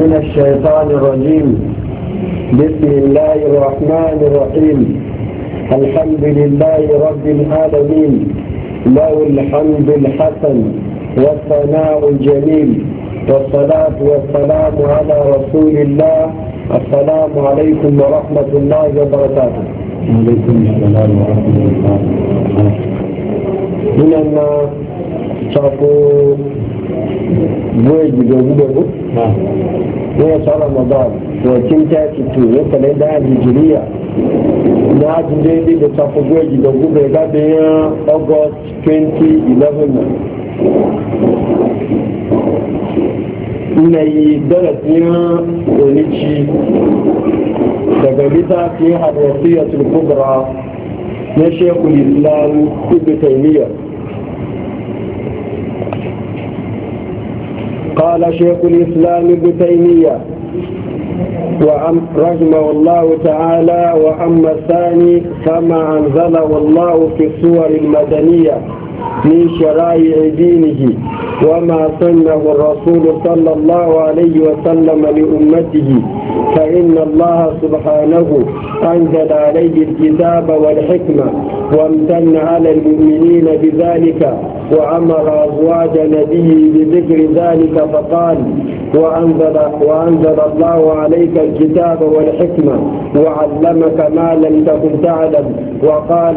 من الشيطان الرجيم بسم الله الرحمن الرحيم الحمد لله رب العالمين له الحمد الحسن والثناء الجميل والصلاة والسلام على رسول الله السلام عليكم ورحمة الله وبركاته وعليكم السلام ورحمة الله وبركاته من الناس شافوا بوجه ne ya tsara ramadan wakin ta ci to ya kale da hijiriya na ji daidai da tafi gwaji da gube gabe ya august 2011 na yi darasin olici daga littafin hadwasiyatul kubra na shekul islam ibn taymiyyah قال شيخ الإسلام ابن تيمية وأم رحمه الله تعالى وأما الثاني فما أنزله الله في الصور المدنية من شرائع دينه وما سنه الرسول صلى الله عليه وسلم لأمته فإن الله سبحانه أنزل عليه الكتاب والحكمة وامتن على المؤمنين بذلك وأمر أزواج نبيه بذكر ذلك فقال وأنزل, وأنزل الله عليك الكتاب والحكمة وعلمك ما لم تكن تعلم وقال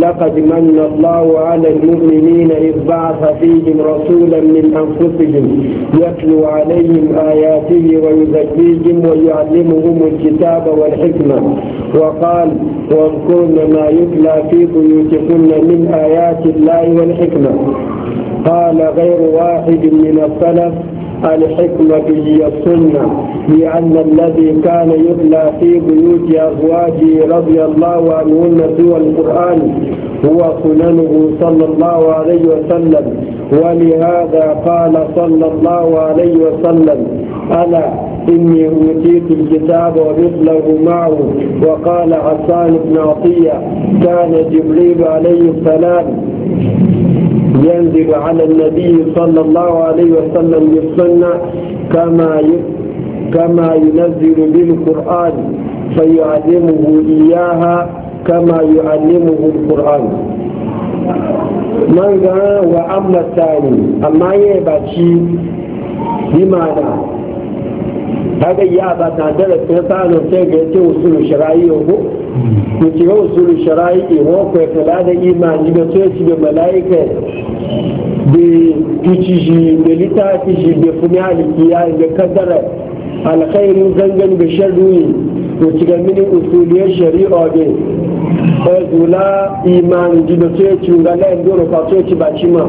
لقد من الله على المؤمنين إذ بعث فيهم رسولا من أنفسهم يتلو عليهم آياته ويزكيهم ويعلمهم الكتاب والحكمة وقال واذكرن ما يتلى في بيوتكن من آيات الله والحكمة قال غير واحد من السلف الحكمة هي السنة لأن الذي كان يتلى في بيوت أزواجه رضي الله عنهن سوى القرآن هو سننه صلى الله عليه وسلم ولهذا قال صلى الله عليه وسلم ألا إني أوتيت الكتاب ومثله معه وقال حسان بن عطية كان جبريل عليه السلام ينزل على النبي صلى الله عليه وسلم بالسنة كما كما ينزل بالقرآن فيعلمه إياها كما يعلمه القرآن من قال وأما الثاني أما يبكي بمعنى هذا يا أبا تعدلت نتعلم سيجي توصل شرعيه mutiga usulun shara'i wa kwa kala da imani da sai ci da malaika da kici shi da litafi shi da funyali kiya da kadara alkhairin zangan da sharri mutiga mini usuliyar shari'a da ezula imani da sai ci ga lai dole fa sai ci baci ma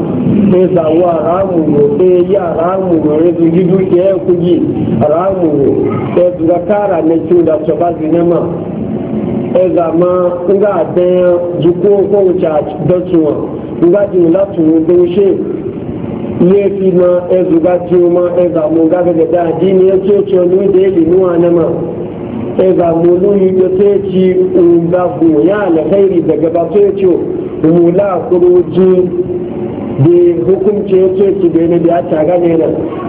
sai zawa ramu ne sai ya ramu ne da gidu ke kuji ramu ne sai da kara ne ci da sabazi ne ma ẹgbà máa ń gbà dẹ́yàn ju kó kóhun tí a dọ́tun wọn nígbà tí mo látùnú tó ń ṣe yé fi mọ ẹgbù bá ti o mọ mo gẹ́gẹ́ bí àdí ni ẹ tó tí ọdún ìdè èlì ní wọn náà ẹgbà mo lórí ibi tó ti òun bá gùn yá àlẹ́fẹ́ ìrì ìbẹ̀gẹ́ bá tó ti o òun láàkóró dín da hukunci ya ce ki bai na a ta gane na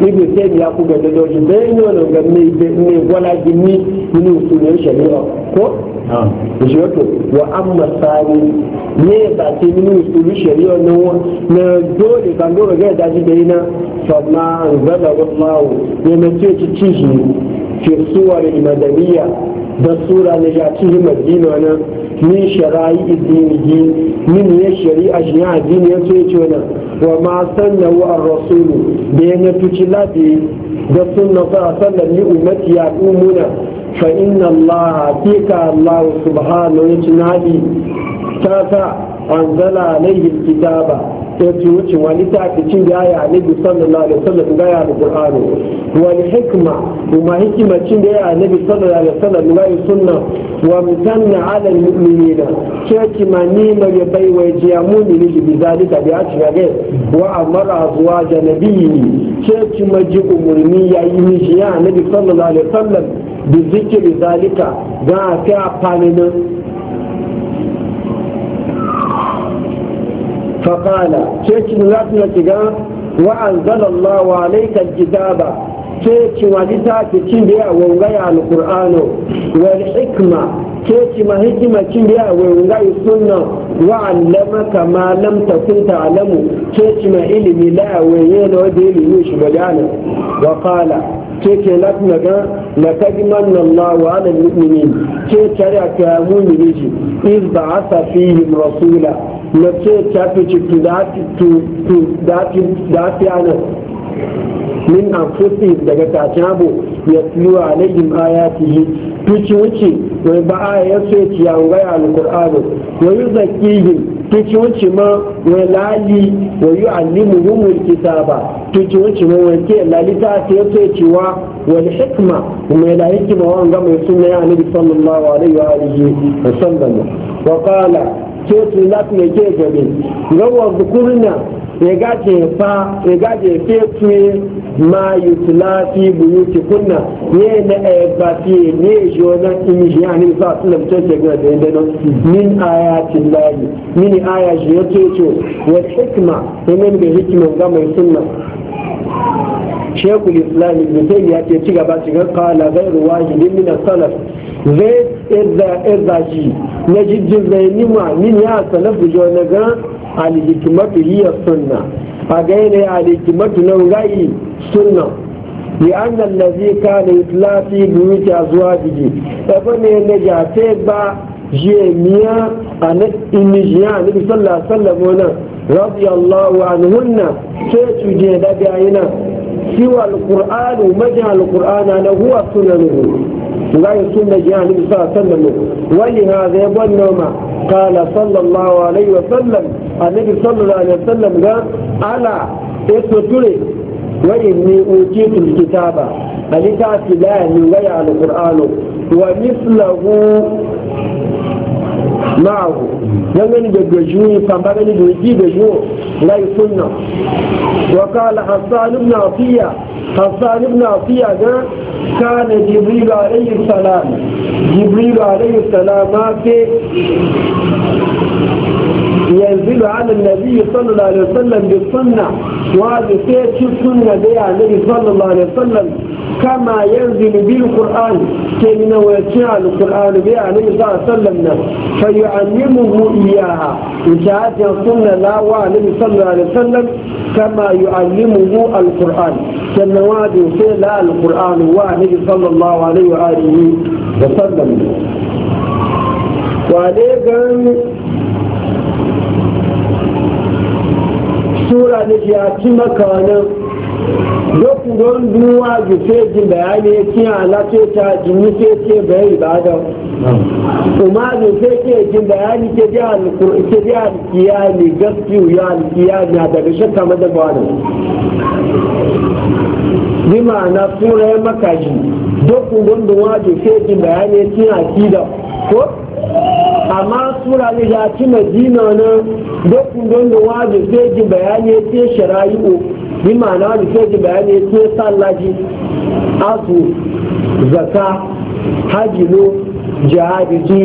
ibi sai biya ku ga dadoji bai yi wani ga mai gwala gini mini usulun shari'a ko da shi wato wa an masari ne ya sace mini usulun shari'a na na dole kan dole ga daji da yi na sannan zaba wasu mawu ne na ce ci ci shi fi suwar madaniya Dasura, sura na ya ci madina nan min shara'i dinihi min shari'a shi ya addini ya ce wa ma sannahu ar-rasulu da ya natuci labi da sunna fa sallan li ummati ya umuna fa inna Allah tika Allah subhanahu anzala alaihi al yace wuce wani ta ake cin da ya ne bi sallallahu alaihi wasallam ga ya da qur'ani wani hikma kuma hikima cin da ya ne bi sallallahu alaihi wasallam ga ya sunna wa mutanna ala al mu'minina ce ma ni ma ya bai wa ya ne bi zalika bi a cikin ga wa amara zuwa da nabi ce ki ma umurni ya yi mishi ya ne bi sallallahu alaihi wasallam bi zikri zalika ga ka fanina فقال كيف نزاتنا تقام وأنزل الله عليك الكتاب كيف وديتا تشيبيا وغايا القرآن والحكمة كيف ما هكما تشيبيا وغايا السنة وعلمك ما لم تكن تعلم كيف ما إلمي لا ويين ودي ليوش وقال ke latina ga na kadiman Allah lawa ala mu'minin ke tare ka mu'mini ji iz ba'atha fihim rasula na ce ta fi ci tu da tu da ti da ana min anfusi daga tacabo ya tiyo alaihim ayatihi tuci wuce wai ba aya ya ce ci ya alkur'anu wani zaki yuzakkihim tuci wuce ma wai lali wa yi alimu humul kitaba tuci wuce ma wai ke lalita ta ce ya cewa wal hikma kuma la hikima wa ga mai sunna ya annabi sallallahu alaihi wa alihi wa sallam wa kala ce tu lat ne ke gabe zukurna egaje fa egaje fetue ma yutla fi buyuti kunna ne na eba fi ne jona inji ani sa sallam ce ce ga da no min ayatin lahi min aya je yato wa hikma ne ne hikma ga mai sunna shekul l'islam ibn sai ya ce ci gaba shiga kala gairu wahi ne min zai ɗaza na jijjin zai nima min ya salaf da jiwa na gan alhikimatu liya sunna a gaina ya alhikimatu nan gai sunna bi an nan na zai kala islafi buyi ta zuwa jiji ɗafa e ne na jafe ba jemiya a na imijiya a nabi sallallahu alaihi wasallam wannan rabiyallahu anhunna sai su je da bayanan سوى القرآن ومجهى القرآن أنا هو سننه لا يسن جهة النبي صلى الله عليه وسلم ولهذا يظن ما قال صلى الله عليه وسلم النبي صلى الله عليه وسلم قال على اسمتري وإني أوتيت الكتاب الكتاب لا يغير القرآن ومثله معه لمن بجوي فمبغن بيجي بجو لا يسنة وقال حسان بن عطية حسان بن عطية كان جبريل عليه السلام جبريل عليه السلام ينزل على النبي صلى الله عليه وسلم بالسنة وهذا سيد شو السنة دي على يعني النبي صلى الله عليه وسلم كما ينزل به القرآن كلمة ويتشع القرآن به عليه الصلاة والسلام فيعلمه إياها وشهادة يصلنا لا وعليه صلى الله عليه وسلم كما يعلمه القرآن سنوات لا القرآن وعليه صلى الله عليه وآله وسلم وعليه سورة نجيات مكانه dokuron duwa jufe jin bayani kin alaƙe ta jini ke ce bai ibada kuma jufe ke jin bayani ke bi alkiyami gaskiyu ya alkiyami a daga shakka mada bani bi ma'ana sura ya makaji dokuron duwa jufe jin bayani kin akida ko amma sura ne ya ci madina nan dokuron duwa jufe jin bayani ke shara'i'u bi ma'ana wani ke ji bayani ke sallaji azu zaka hajilo jihadi ji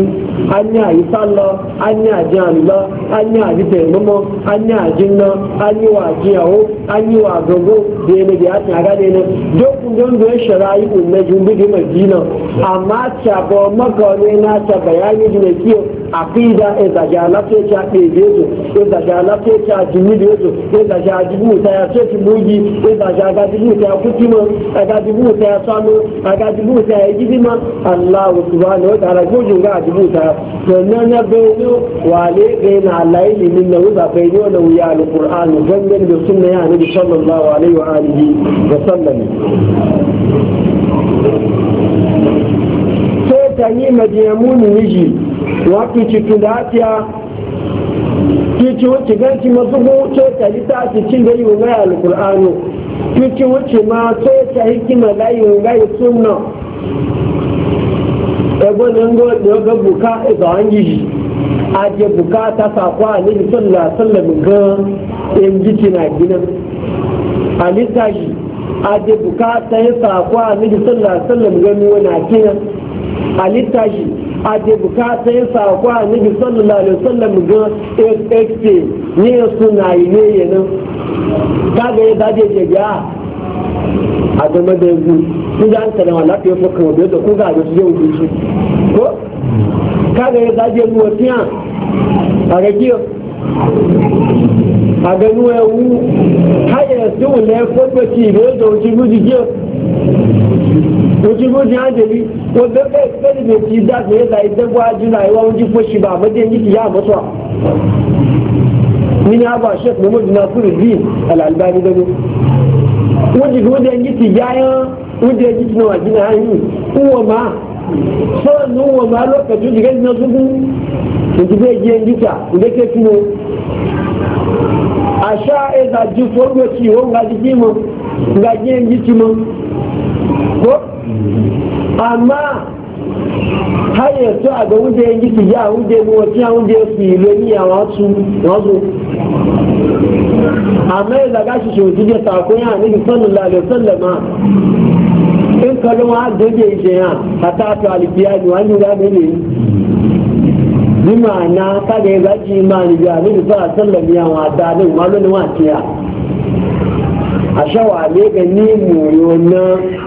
an yi ayi sallo an yi aji alula an yi aji taimamo an yi aji na an yi wa jiyawo an yi wa gogo da yana da yasin a gane na dokun don da ya shara yi unna jumbi da madina amma cabo maka na ta bayani da kiyo aqida e da ja la ce ta de yezo e da ja la ce ta jini de yezo e da ja jibu ta ya ce ki mugi e da ja ga jibu ta ku ti mo ga jibu ta ya sanu ga jibu ta ya jibi ma Allah subhanahu wa ta'ala ko jin ga jibu ta to na na be no wale ga na laili min na da be no na ya alquran gangan da sunna ya nabi sallallahu alaihi wa alihi wa sallam sai ta yi madiyamuni miji wa kici tudatiya kici wacce ganci masu wuce ta yi ta ci cin da yi wa alkur'anu kici wacce ma so ta hikima ma layi wa yi sunna ẹgbẹ́ ní ngọ́ ga buka ìgbà wọn a ajẹ buka ta tasakwa níbi sọlá sọlá gan ẹnjí na nà gbiná alisa a ajẹ buka ta tasakwa níbi sọlá sọlá gan ni wọn nà kina alisa yìí. a da bukata ya sako a nabi sallallahu alaihi wasallam ga Ni ne suna yi ne yana kaga ya daje je ga a game da yanzu sun ga an kana wala da ko ga da su yau shi ko kaga ya daje mu watiya a ga kiyo a ga nuwa wu har yanzu ne ko ba ci ne da wuce guji kiyo òtúgbò ní àjèlí tó bẹ́ẹ̀ bẹ́ẹ̀ lè ti dáàbò ẹ̀ta ìdẹ́gbọ́ ajínà ìwà oúnjẹ fọ́ṣìbà àmọ́dé ní ìyá àmọ́tọ́ nínú àbọ̀ ti fi oúnjẹ yìí ti yá yán oúnjẹ yìí ti náà àjínà ayé wọ́n máa sọ́ọ̀nù wọ́n máa lọ́kẹ̀tù ìdíkẹ́ ìdíná tuntun ìdíkẹ́ ìdíyẹ níta ìdíkẹ́ fún wọn àṣà ju amma har yato aga ga wuje yin ya wuje mu wasu ya wuje su yi lomi a wasu wazo amma ya zaga shi shi wajen ya sako ya nabi sallallahu alaihi wasallam in kalon wa da ke shi ya a ta ta alifiya ne wani ya ne ne ni ma'ana ta da ya zaki imani ya nabi sallallahu alaihi wasallam ya wa ta da malon wa ciya a shawa ne ga ni mu yi wannan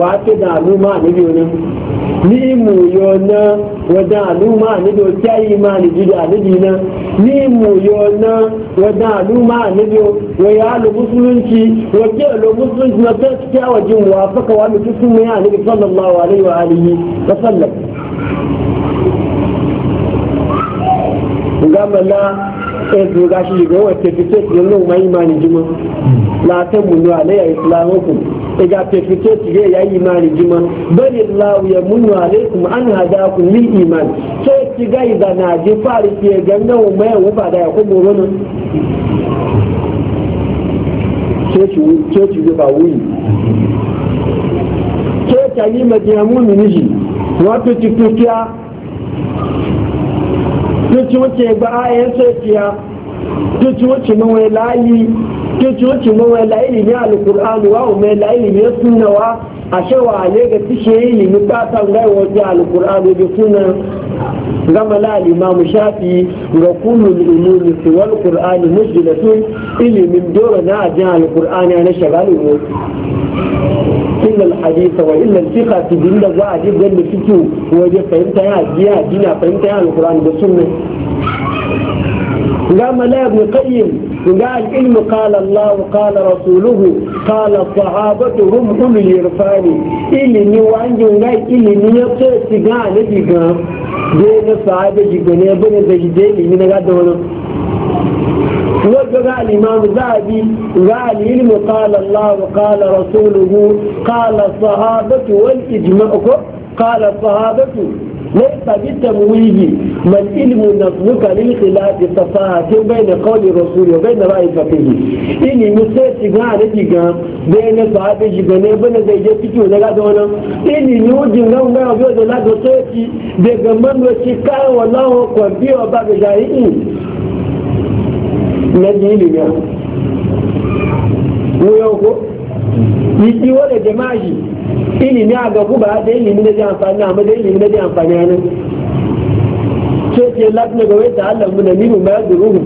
wàá ké dàn àlùmọ́ àníbi òní ní ìmù náà wọ́n dàn àlùmọ́ àníbi òtí ayé máa nìjú dàn náà ní ìmù náà wọ́n dàn máa gashi daga fefuke su ya yi imani jima bari lawu ya munu alaikum an hada ku ni iman ke ki ga na ji fari ke ganga wa mai wufa da ya kuma wani ke ci ba wuyi ke ci a yi majiyamu miniji wa tuci tukiya tuci wuce ba a yi sai kiya tuci wuce mawai layi ke coci mawai la alkur'ani wa umar la ilimin sunawa a shawa ne ga tishe ilimin kasan gai wajen alkur'ani da sunan gama la alimamu shafi ga kullum ilimi siwal da mujdalatun ilimin dole na ajin Alƙur'ani na shagalin wasu إلا الحديث وإلا الفقه في دين fito waje ذلك فيه وجه فهمتها fahimta ya Alƙur'ani da sunan. nga mala ibn qayyim nga al ilm qala allah qala rasuluhu qala sahabatu hum ul irfani ili ni wangi nga ili ni yote siga ne diga je na sahabe jigene bene da jide ni ni nga dono وجد الإمام الذهبي قال العلم قال الله وقال رسوله قال الصحابة والإجماع قال الصحابة ليس بالتمويه ما العلم نظرك للخلاف التفاهة بين قول الرسول وبين رأي الفقيه إني مسيت غانتي كان بين صحابي جبني بين زي جفتي ولا دونا إني نوجي نو نو بيو دلا دوتي بيغمان وشكا والله كوبي وباب جاهي نجي لي ويوكو يجي ولا جماعي ilimi a gabu ba da ilimi na ji amfani amma da ilimi na ji amfani a nan sai ce lafiya ga wata Allah mu da mimu ma da ruhu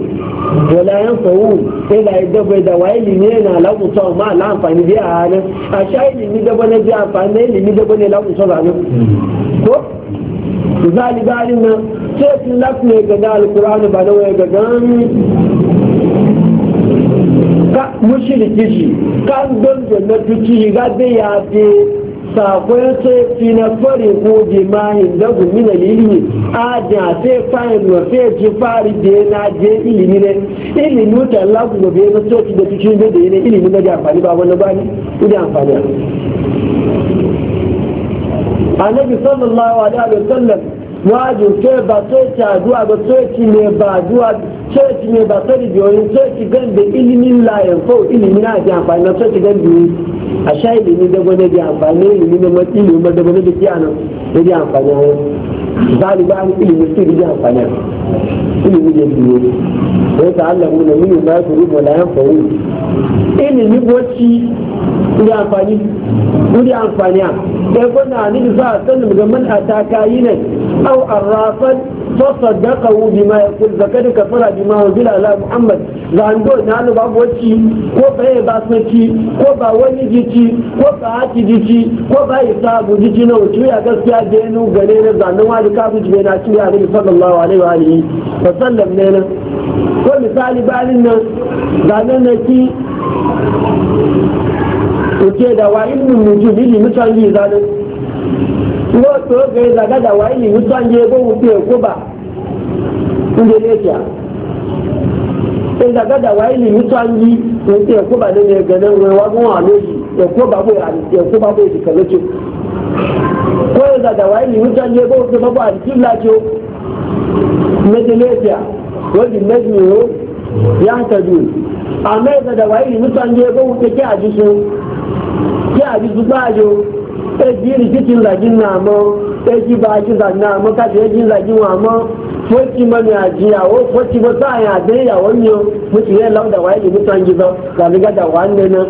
wala yan fahu sai da yadda bai da wa ilimi yana lakuta ma la amfani da a nan a sha ilimi da bane ji amfani da ilimi da bane lakuta ba nan ko zali galin nan sai ce lafiya ga da alkur'ani ba na waya ga gan ka mushriki shi kan don jannatin ci ga bai ya sakon sai na fari ko bi ma inda gumi na ilimi a jan sai fayin na sai ji fari da na je ilimi ne ilimi ta Allah ku gobe na soki da cikin da da ne ilimi na ga amfani ba wani ba ni idan amfani annabi sallallahu alaihi wasallam wájú tó ba tó ẹ̀tì àdúrà bó tó ẹ̀tì ní ẹ̀bà àdúrà tó ẹ̀tì ní ẹ̀bà tó ẹ̀dì ọ̀yìn tó ẹ̀tì gẹ́ǹdẹ̀ ìlú nílá ẹ̀fọ́ ìlú ní àti na di amfani ilimin ní ìlú ní dẹ́gbẹ́dẹ́ di kí àná ló di àǹfààní àwọn báyìí báyìí ta a sọ́nù gbẹ̀mọ́n àtàkà أو الرافد فصدقه بما يقول فقد كفر بما أنزل على محمد لأن دول نعلم باب وشي وبا باسمتي وبا ونجتي وبا عتجتي وبا إصاب جتي نو أقصد يا دينو غنينا زعنا وعلي كابو بين أشياء عليه صلى الله عليه وآله وسلم لنا ومثال بالنا زعنا نكي وكيدا وإن من ilmin mutum ilimin canji n'otu oge zagada wa ili ụtọ ndị ego wuti ekwuba indonesia ezagada wa ili ụtọ ndị wuti ekwuba dị na nwere nwe wagon aloji ekwuba bụ ekwuba bụ ezikọlọchọ ko ezagada wa ili ụtọ ndị ego wuti ekwuba alikiblacho indonesia wadi mmejuo ya ntaju ama ezagada wa ili ụtọ ndị ego wuti kí àjísù kí àjísù gbáàjò eji rikicin zagin na mo eji bakin zagin na mo kaji eji zagin wa mo foci mani ajiyawo foci ba sa ya dai ya wanyo mutu ya lau da waye mutu an gizo ga riga da wanne na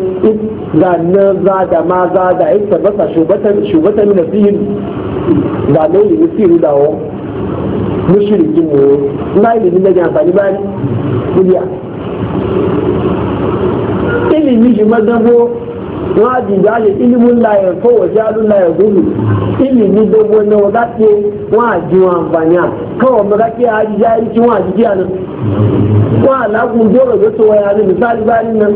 ga na za da ma za da ita ba sa shubatan shubatan da fiyin ga ne yi fiyin da wo mushrikin ne na yi ne da amfani ba ni kuliya ilimi shi madabo wọ́n á dìgbà lè ilimu ńlá yẹn fọwọ́ sí alúlá yẹn gómìn ilì ní gbogbo ní wọ́n láti wọ́n á di àǹfààní à káwọn ọmọ kákí àjíjá yìí tí wọ́n àjíjá àná wọ́n á lágùn tó tó wọ́n yà ní misali bá ní nà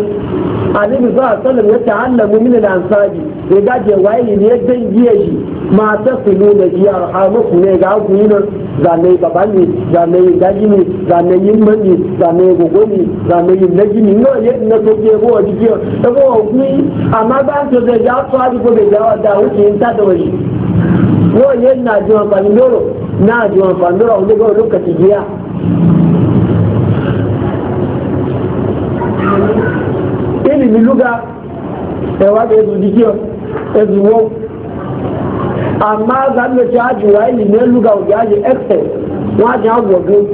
àdébí bá àtọ́lẹ̀ yẹn tà á lẹ̀ mú mílẹ̀ náà sáájì ìgbà jẹ wáyé ni yẹn dé yí ẹ̀ yìí máa tẹ̀sí ní ilẹ̀ yìí àmọ́kùnrin ẹ̀gá ọkùn yìí náà zàmẹ́ bàbá mi zàmẹ́ ìdájí mi zàmẹ́ yìí mi zàmẹ́ gbogbo mi zàmẹ́ yìí lẹ́jì mi náà yẹ amma ba su da ya su haɗu ko bai dawa da wuce yin tada wani ko yin na ji amfani doro na ji amfani doro wani ga lokaci biya. ilimi luga ẹwà ga ezu dikiyo ezu wo amma ga mu ci haji wa ilimi luga wa gaji excel wa ji agwagin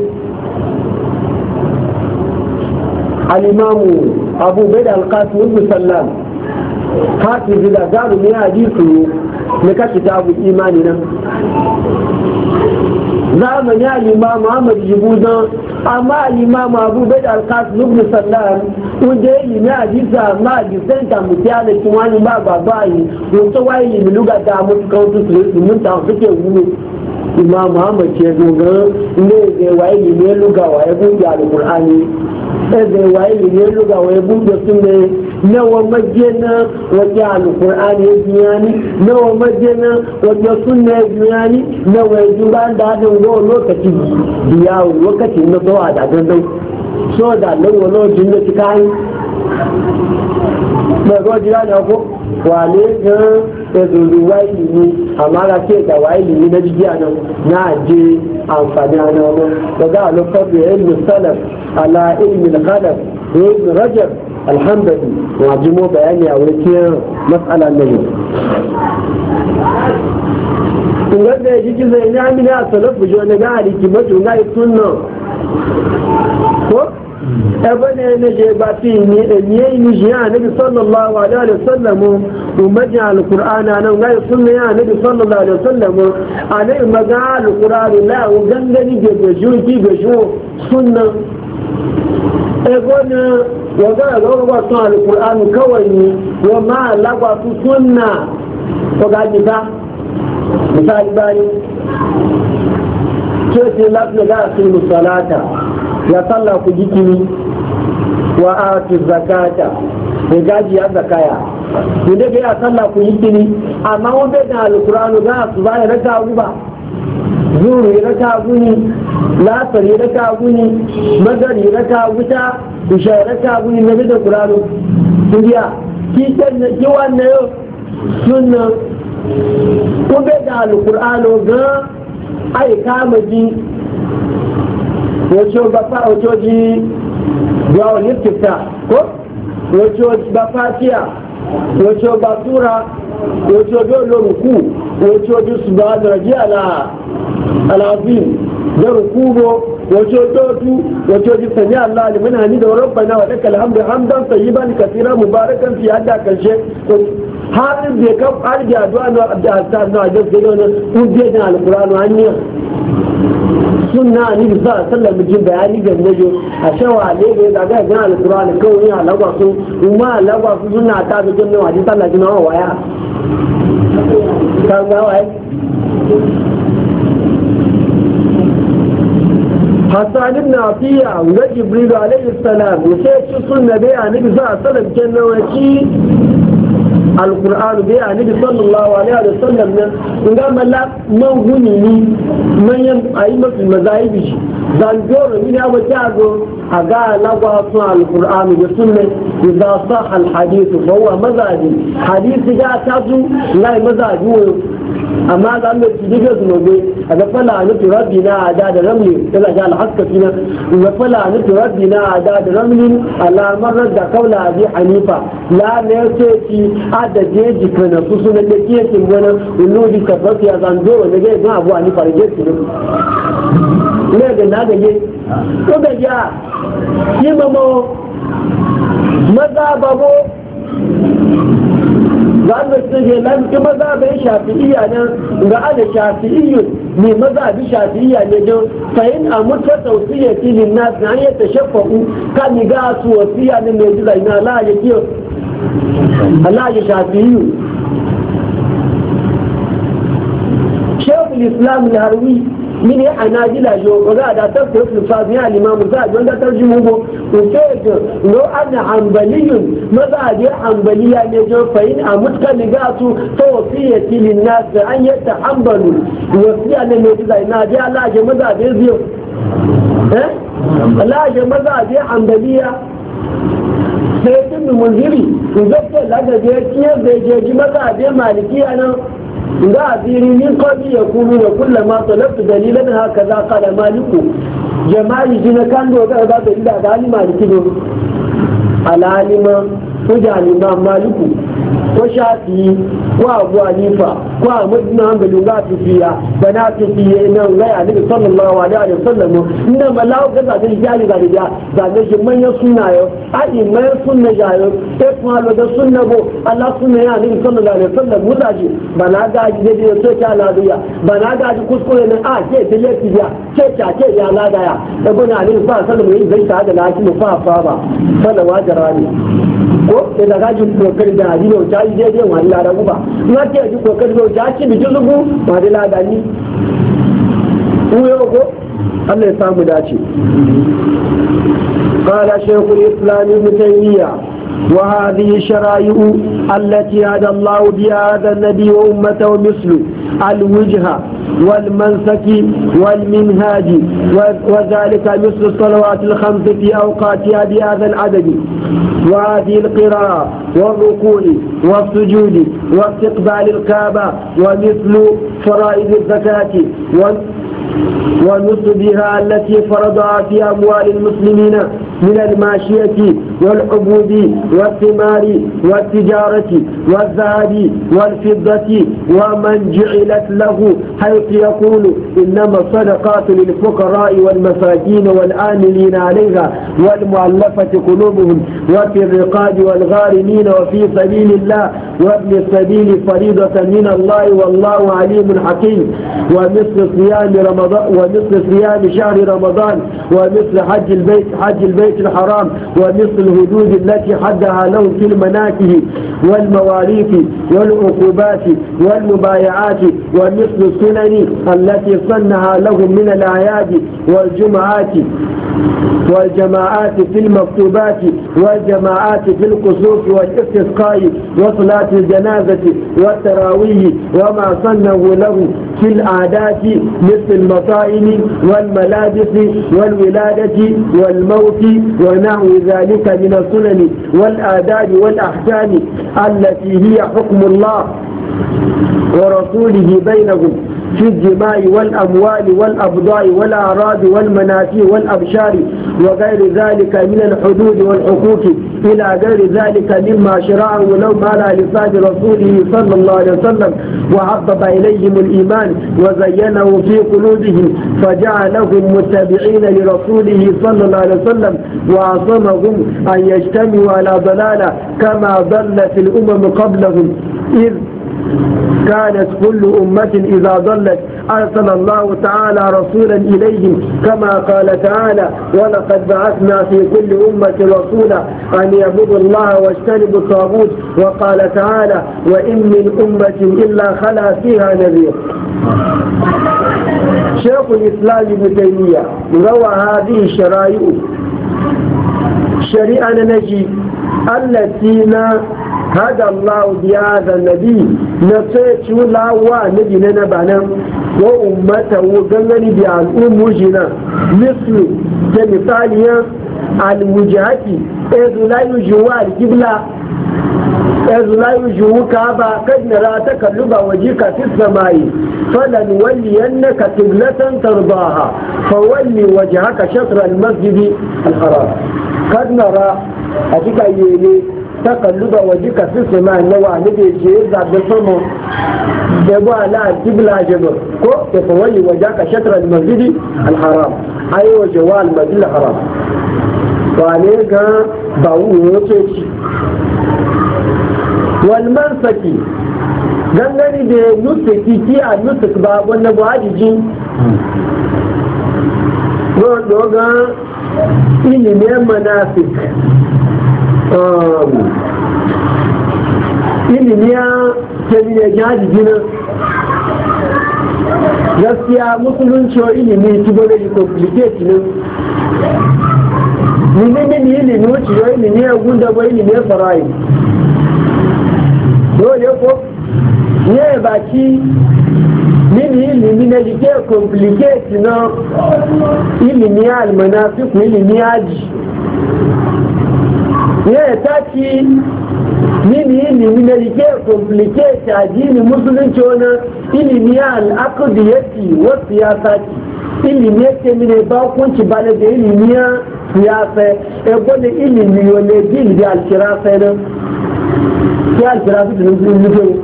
alimamu abu bai da alkasu ibn sallam hafizu da zaru ne hadisu ne ka kitabu imani nan zamani alima muhammad jibudan amma alima mabu bai da alkas lubnu sallam kunje ilimi hadisa amma hadisan ta mutiya da kimanin ba baba yi wato waye mu luga ta mutu kawtu su mun ta suke wuni imam muhammad ke dogon ne zai waye ilimi luga waye buɗe alƙur'ani e zai waye ilimi luga waye buɗe sunne nawa majiyana wajen alkur'ani ya biya ni nawa majiyana wajen sunna ya biya ni nawa ya jura da hadin lokaci biya lokaci na tsawa da gandan so da da cika yi mai jira da ko wale gan ezolu waili ni amara ke da waili ni na jijiya nan na je amfani a nan wani daga lokacin da ilmi salaf ala ilmi al da ibn alhamdali wa jimo bayani a wakiyar matsalar kun zai ne a salafu jo ne ga aliki na ko ebe ne je ba fi ni ni ya nabi sallallahu alaihi wa ga ya sallallahu alaihi wa alai maga la gangani ga ga ẹgbọ́nà wọ̀gá ìlọ́rọ̀wọ̀ tán àlùkùránù kọ́wọ̀ ni wọ́n máa lágbà tuntun náà ọ̀gá jìbá ìta ìgbáyé tí ó ti láti ọ̀gá àti mùsàláta yàtàlà kò jíkiri wa á ti zakata ìgájì àzàkáyà ìdẹ́gbẹ́ yàtàlà kò jíkiri àmọ́ wọ́n bẹ̀rẹ̀ àlùkùránù gáà zuri raka guni lasari raka guni magari raka wuta isha raka guni na da kuranu kuriya ki tanna ki wannan yau sunna ko da alqur'ano ga ai kama ji wato ba fa wato ji ga wani ko wato ba fatiya wacce ba tura wacce bai lo ruku wacce bi su ba da rage ala alazim da ruku bo wacce dotu wacce bi sami Allah liman hani da rabbana wa lakal hamdu hamdan tayyiban katira mubarakan fi hadda karshe har da kan har da addu'a na da ta na da gano ne na da alqur'ani hanya sunna ni da za a sallar mutum bayani da nage a shawa a lebe da ga gina alƙura da kawai ni halagwa su kuma halagwa su ta da jin nawa ji sallar jin nawa waya kan na yi hassan afiya ga jibril alayhi salam ya ce su sunna bai a ni da za a sallar mutum nawa alkur'anu bai a nabi sallallahu alaihi wa sallam nan in ga mala man guni ni manyan ayi masu mazahibi shi zan dora mini abu ta zo a ga lagwa sun alkur'anu da sunna idza sah alhadith fa huwa mazhabi hadith ga ta zu lai mazhabi amma za mu ci diga su nobe a ga fala ni turabbi na ada da ramli ta ga alhaska fina ga fala ni turabbi na ada da ramli ala marra da kaula abi hanifa la ne ce ci ada je ji kana su su da ke ce wani ulu di kafasi ya zan do ne ga ga abu ani farje su ne ne ga na ga je ko ga ya yi mamo maza babo ga da su ne lan ki maza bai shafi'iyya nan ga ana shafi'iyyu ne maza bi shafi'iyya ne don fa'in a mutu tausiyya filin nasu an yi tashafa'u kan ga su wasiya ne mai jira ina la ya kiyo Allah ya shafi'iyyu Shekul Islam Harwi mini a na gila yo ba za a da ta ko su fa biya limamu za a da ta jimu go ko ce ga lo anna ma za a je hanbaliya ne jo fa in a mutka liga su to wasiyati lin nas an yata hanbalu wasiya ne ne zai na je Allah je maza je ziyo eh Allah je maza je hanbaliya sai tun munziri ko zai lagaje kiyar zai je ji maza je malikiya nan ga asiri min qabli da wa kullama talabtu dalilan hakaza qala maliku jama'i jina kan do ga ba dalila ga maliki do alalima kuja alimam maliku ko shafi ko abu hanifa ko ahmad bin hanbal ga tafiya bana tafiya nan ga annabi sallallahu alaihi wasallam inda malawu ga zabi jali ga da da shi manyan sunayo adi manyan sunna jayo ta kuma lo da sunna go Allah sunna ya annabi sallallahu alaihi wasallam mutaji bana ga ji da so ta lafiya bana ga ji kuskure ne a ke dile tiya ke ta ke ya lada da gona annabi sallallahu alaihi wasallam yin zai ta da lafiya fa fa ba sallallahu alaihi wasallam ko da da gaji kokari da hadi da wuta je je wani lada guba na ce ji kokari da wuta ci biji zugu ma da lada ni uyo ko Allah ya samu dace قال شيخ الإسلام ابن تيمية وهذه الشرائع التي هدى الله بها هذا النبي وأمته مثل الوجهة والمنسك والمنهاج وذلك مثل الصلوات الخمس في أوقاتها بهذا العدد وهذه القراءة والركوع والسجود واستقبال الكعبة ومثل فرائض الزكاة ونصبها التي فرضها في أموال المسلمين من الماشية والعبود والثمار والتجارة والذهب والفضة ومن جعلت له حيث يقول إنما الصدقات للفقراء والمساكين والآملين عليها والمؤلفة قلوبهم وفي الرقاب والغارمين وفي سبيل الله وابن السبيل فريضة من الله والله عليم حكيم ومثل صيام رمضان ومثل صيام شهر رمضان ومثل حج البيت حج البيت الحرام ومثل الهدود التي حدها لهم في المناكه والمواريث والعقوبات والمبايعات ومثل السنن التي صنها لهم من الأعياد والجمعات والجماعات في المكتوبات والجماعات في الكسوف والاستسقاء وصلاة الجنازة والتراويح وما صنه له في العادات مثل المصائب والملابس والولادة والموت ونحو ذلك من السنن والآداب والأحكام التي هي حكم الله ورسوله بينهم في الدماء والأموال والأبضاء والأعراض والمنافع والأبشار وغير ذلك من الحدود والحقوق إلى غير ذلك مما شرعه لهم على لسان رسوله صلى الله عليه وسلم وحبب إليهم الإيمان وزينه في قلوبهم فجعلهم متبعين لرسوله صلى الله عليه وسلم وعصمهم أن يجتمعوا على ضلالة كما ضل في الأمم قبلهم إذ كانت كل أمة إذا ضلت أرسل الله تعالى رسولا إليهم كما قال تعالى ولقد بعثنا في كل أمة رسولا أن يعبدوا الله واجتنبوا الطاغوت وقال تعالى وإن من أمة إلا خلا فيها نذير شيخ الإسلام ابن تيمية روى هذه الشرائع شريعة نجي التي hada Allah biya da nabi na sai ci lawa nabi na na banan wa ummata wa gangani bi al'ummu jina mislu ta misaliyan almujahati ezu la yujuwa alqibla ezu la yujuwa kaaba kad nara takalluba wajika fi samai falan walliyannaka qiblatan tardaha fawalli a kika yele takalluba waje ka fi sima na wa ne bai ce da sama da bu ala kibla jibir ko ta fawali waje ka shatar al alharam ayi waje wa al alharam Wa ne ga ba u ce ci walman saki gangani da nutse ki a nutse ba wannan ba hajiji dogon ilimin manasik ilimi ya tabiya jaji gina gaskiya musulunci wa ilimi ti não yi complicate ne nime mini ilimi wuce yau ilimi ya gunda ba ilimi ya farayi dole ko ne baki mini ilimi na jike complicate na ilimi almanafi ku ilimi aji ya tashi mini ilimi na rike komplike shi addini musulunci wani ilimi ya al'akudi ya ci wasu ya saki ilimi ya ce mine ba kunci ba na da ilimi ya siyasa ya gwada ilimi wani jini da alkira sai nan ya alkira su da musulunci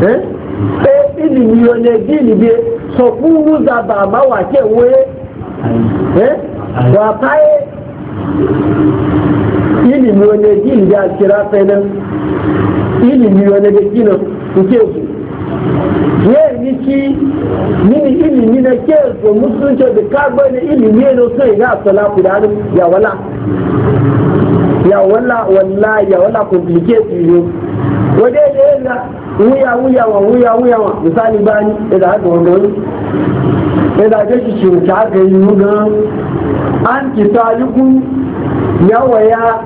ne eh e, ilimi wani jini bai so kuma ba ma wake we? eh wa kaye ilimi wani jin ya kira fenan ilimi wani da gina kuke su yau niki mini ilimi na ke so musulunci da kagba na ilimi ne so ina salafu da hannu ya wala ya wala wala ya wala complicate yo wade da yalla wuya wuya wa wuya wuya wa misali bani da haka wanda wani sai da kake kyauta ga yi ga an ki talikun yawaya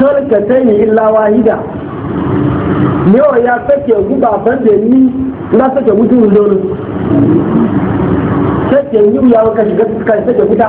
ta yi illa wahida yawa ya sake guba ban da ni na sake mutum lolo sake yi ya waka shiga sake guda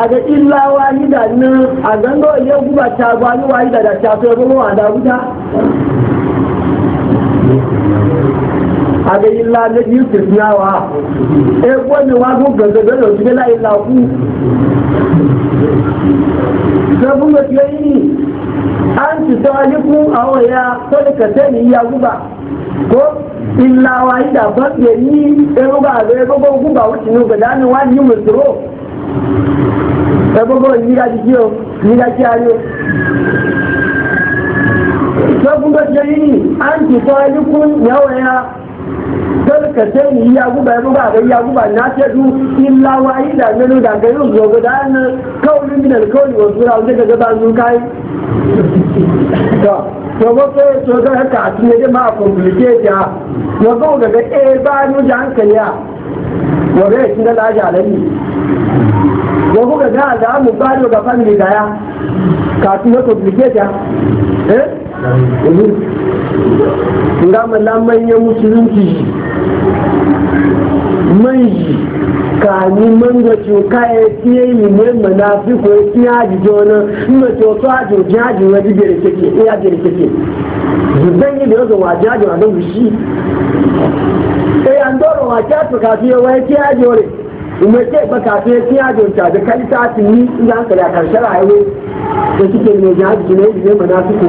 aga illa da na a gando iya guba ta gwani wahida da ta so zama wa da guda aga illa na biyu tisnawa e gwani wa ko gaza da da cikin la illa ku sabun da yayi an ci saliku awaya ko da ka sani iya guba ko illa wahida ba ya yi ya ruba ga ya gogo guba wuce ne ga dani wani musuro ya gogo yi da jiyo yi da kiyayo sai kun ga yayi an ki ta likun yawaya karka sai ni ya guba ya guba ga ya guba na ce du illa wayi da nanu da ga yau zo da an kaulin min al kauli wa sura wanda ga gaba zu kai to to ba sai to da haka tun ne ma complicate ya wa ga ga e ba nu da hankali ya wa ga shi da laji alani wa ku ga ga da mu ba ga fanni ga ya ka tun complicate ya eh nga mala manyan musulunci man yi ka ni man ga to ka e tiye ni ne mana fi ko e ti aji jona ma to to aji ji aji wa keke e aji keke zuban yi da wa ji aji da wishi e an doro wa ta e to ka fi wa e ti aji ore kuma ce ba ka fi ti aji ta da kai ta ti ni in ka da karshe rayuwa da kike ne ji aji ne ne mana fi ko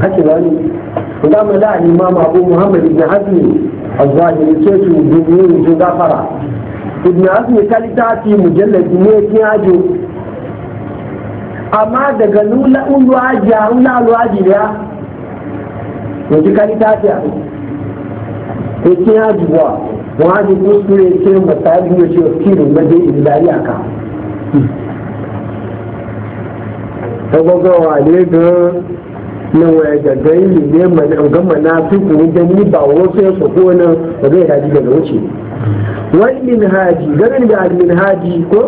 ake gani da mu da ma abu muhammad ibn hasan azwaji ne ce su dubu su gafara ibn hazmi kalita fi mujallad ne ki ajo amma daga lula ulu aji a nula ulu aji ya yanzu kalita fi a ko ki ajo wa wọn aji kuskure ke masali ne ce kirin maje izari aka ta gwagwawa ne ga nan waya ga gari ne ne gama na fi kuma gani ba wasu ya soko nan ba zai haji daga wuce wani min haji garin da min haji ko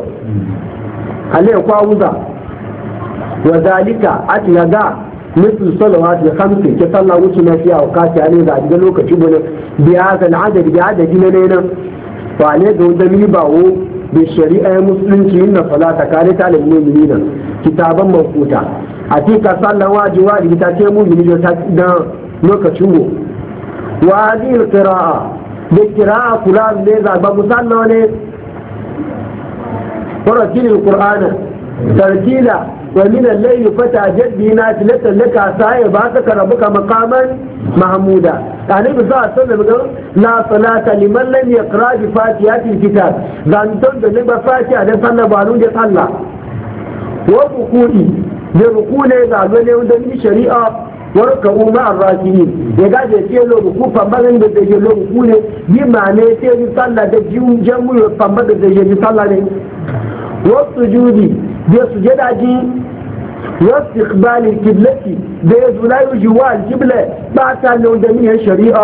halayya kwawuza wa zalika a yaga mutu salawa ta kamfe ke sallah wuce na fiya wa kafi a ne da a lokaci gudun biya ga adadi biya da gina ne nan ba ne ga wajen yi bawo da shari'a ya musulunci yin na salata kare ta alimmin nan kitaban mafuta a sallar waji waji ta ce mu yi ta da lokacin mu wa dil qira'a da qira'a qur'an ne za ba musalla ne fara kin qur'an tarkila wa min al-layli fata jaddi na tilata laka sai ba ta karabuka maqaman mahmuda kan ibn sa sallam ga la salata liman lam yaqra bi fatihati al-kitab zan ton da ne ba fatiha da sallah ba lu da sallah wa bukudi ya ruku ne ga gane wanda ni shari'a warka umma arrasini ya gaje ke lo ruku pambarin da zai lo ruku ne yi ma ne sai yi sallah da jiwu jamu ya pambar da zai yi sallah ne wasu judi da su je daji wasu ikbali kiblati da ya zula yi jiwa alkibla ba ta ne wanda ni shari'a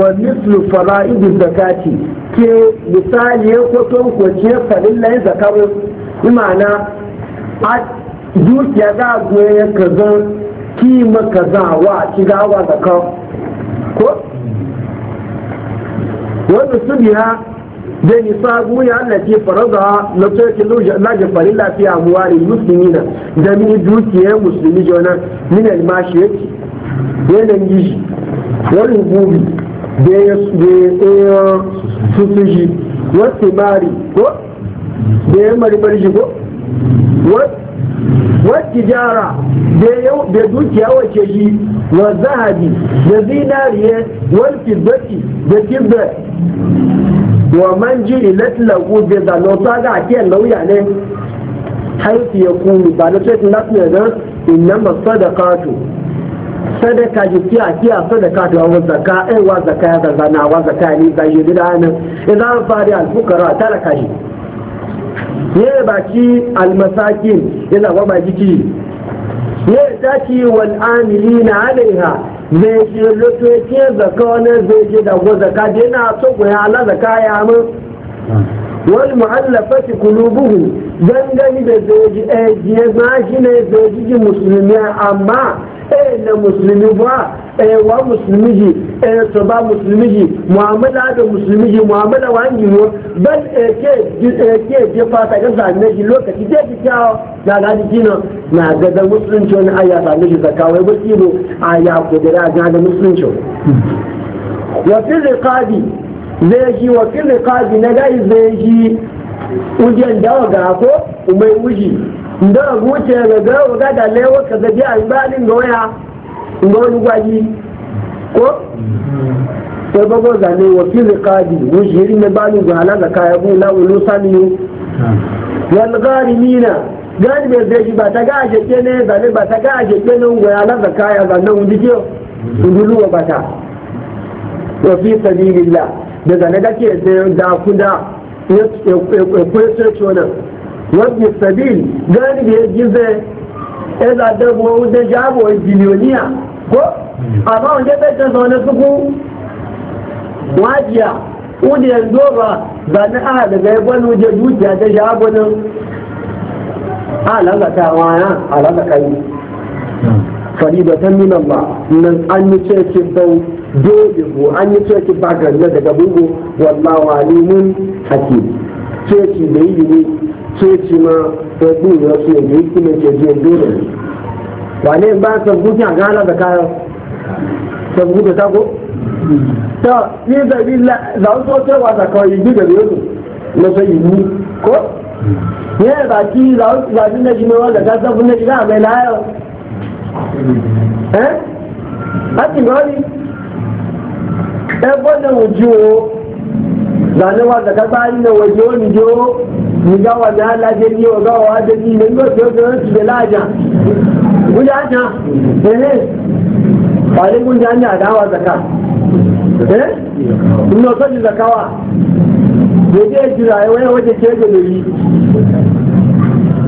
wa mislu fara'idu zakati ke misali ya kwaton kwaciyar falin lai zakawar imana zuciya za a goya kaza kima kaza wa shiga wa da kan ko wanda su biya zai nisa goya ke faraza na tsoki lajin farin lafiya muwari musulmi na da mini dukiyar musulmi jona min almashi yake yanayin gishi wani gobi da ya susu shi wasu mari ko da ya maribar shi ko tijara da dukiya wace yi wa zahabi da zinariye wal fiddati da fiddar wa man ji ilatlaku da zalota ga akiyar lauya ne haifi ya kuru ba da sai tun lati ne don innan ba sadaka to sadaka ji fiya fiya sadaka to awon zaka ai zaka ya zazana wa zaka ya ni zai yi dida nan idan fari alfukara talaka shi. ne baki almasakin yana wa baki ki ne taki wal amilina alaiha ne shi lokaci zaka wani zai je da go zaka dena na so ku ya ala zaka ya mu wal mu'allafati qulubuhu dan gani da zai je eh ji ma shi ne zai ji musulmi amma ɗaya na musulmi ba ɗaya eh, wa musulmi ji ɗaya eh, su ba musulmi ji mu'amala da musulmi ji mu'amala wa ni yo bal ɗaya ke je ga zane shi lokaci je ki ta na gani kina na ga da musulunci wani aya ba ne zakka wai ba kino a ya kudura ga da musulunci wa fil riqabi zai ji wa fil riqabi na ga zai ji ujen dawa ga ko umai wuji ndo guce ga ga ga da lewa ka ga ji an balin ga waya ngo ni gwaji ko sai bago zane wa fi riqabi wujiri ne balin ga halaka ka ya bu la ulu saniyu wal gharimina gani bai zai ba ta ga ajeke ne zane ba ta ga ajeke ne ngo ya la zakaya zane wuji ke wuji wa bata wa fi sabilillah da zane da ke da kuda ya kwaso ce wannan wọ́n sẹ́bìn gẹ́rì jíze ẹ̀dà dẹ́gbọ́ oúnjẹ jáàbọ̀ ìbìlíọ̀níà kó àbáwọn oúnjẹ zane àdàgbẹ́ ẹgbọ́n oúnjẹ dúkìá jẹ́ jáàbọ̀ ní alàgbàta nan an yi bau dole ko an yi ba garin daga bugu wallahu alimun hakim da yi ne soci ma ɗin ya su yanzu yi kuma ke biyan dole ne ba sabu kyan gana da kayan sabu da tako ta yi zabi za su wata wata kawai yi da biyu na sai yi ko ne ba ki za su zabi na jime wanda ta sabu na jina mai layar eh hakin gani ɗan wannan wujiyo zanen wanda ka bayi na waje wani jiyo nígbà wà ní alájẹ ní ọgá wà á débi ilé nígbà tí ó ti rántí bẹ láàjà gúdà àjà ẹhẹ wàlẹ gúdà da àdáwà eh, eh. zaka ẹ nínú ọtọ ti zaka wa gbèdé ìjìlá ẹwẹ ẹwẹ tètè ẹgbẹ lórí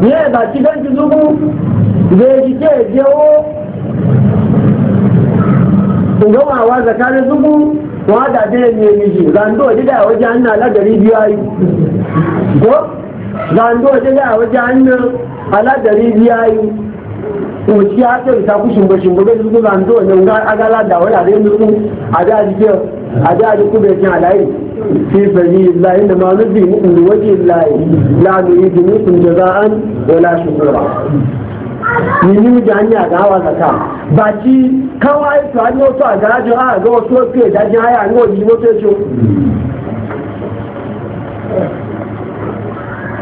ní ẹgbà tí bẹ́ẹ̀ ti dúkú gbèdé tẹ ẹgbẹ owó ǹgbọ́n Ko wá zaka ní dúkú wọ́n á dàbí ẹni èmi jù làǹdó ìdídà ìwọ́jà ń ná alágbẹ̀rí bí Ko? zando da ya a waje hannun aladari biya yi oci ya ta rita ku shimbo shimbo bai zuku zando a ga agala da wani abin nufin a da jike a da jike bai kin alayi fi fari lai da mamu bi mu kun waje layi, la yi bi mu kun za an wala shukura ni ni da ni a gawa zakka ba ci kawai to an yi wasu a garajin a ga wasu wasu ke dajin haya ni wani motocin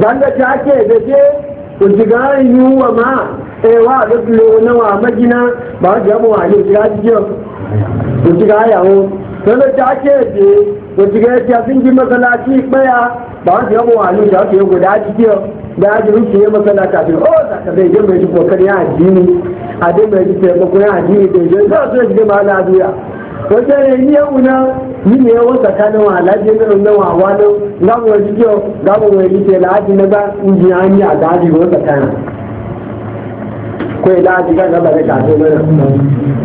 banda ta ake da ke ku shiga yi wa ma ewa da tulo wa magina ba ga mu wa shiga jiyo ku shiga yawo banda ta ke da ku shiga ta sun ji masalaci baya ba ga mu wa yau da ke guda jiyo da ji rufe ya masalata bi o da ka bai je mai ji kokari ya addini a dai mai ji taimako ya addini da je za su shiga ma lafiya wajen ya yi yau na yi ne yawon tsakanin wa alhaji na nuna wa wani gamu wa gamu wa yi ke na ba inji hanyi a daji ko ila a ka gaba da kaso mana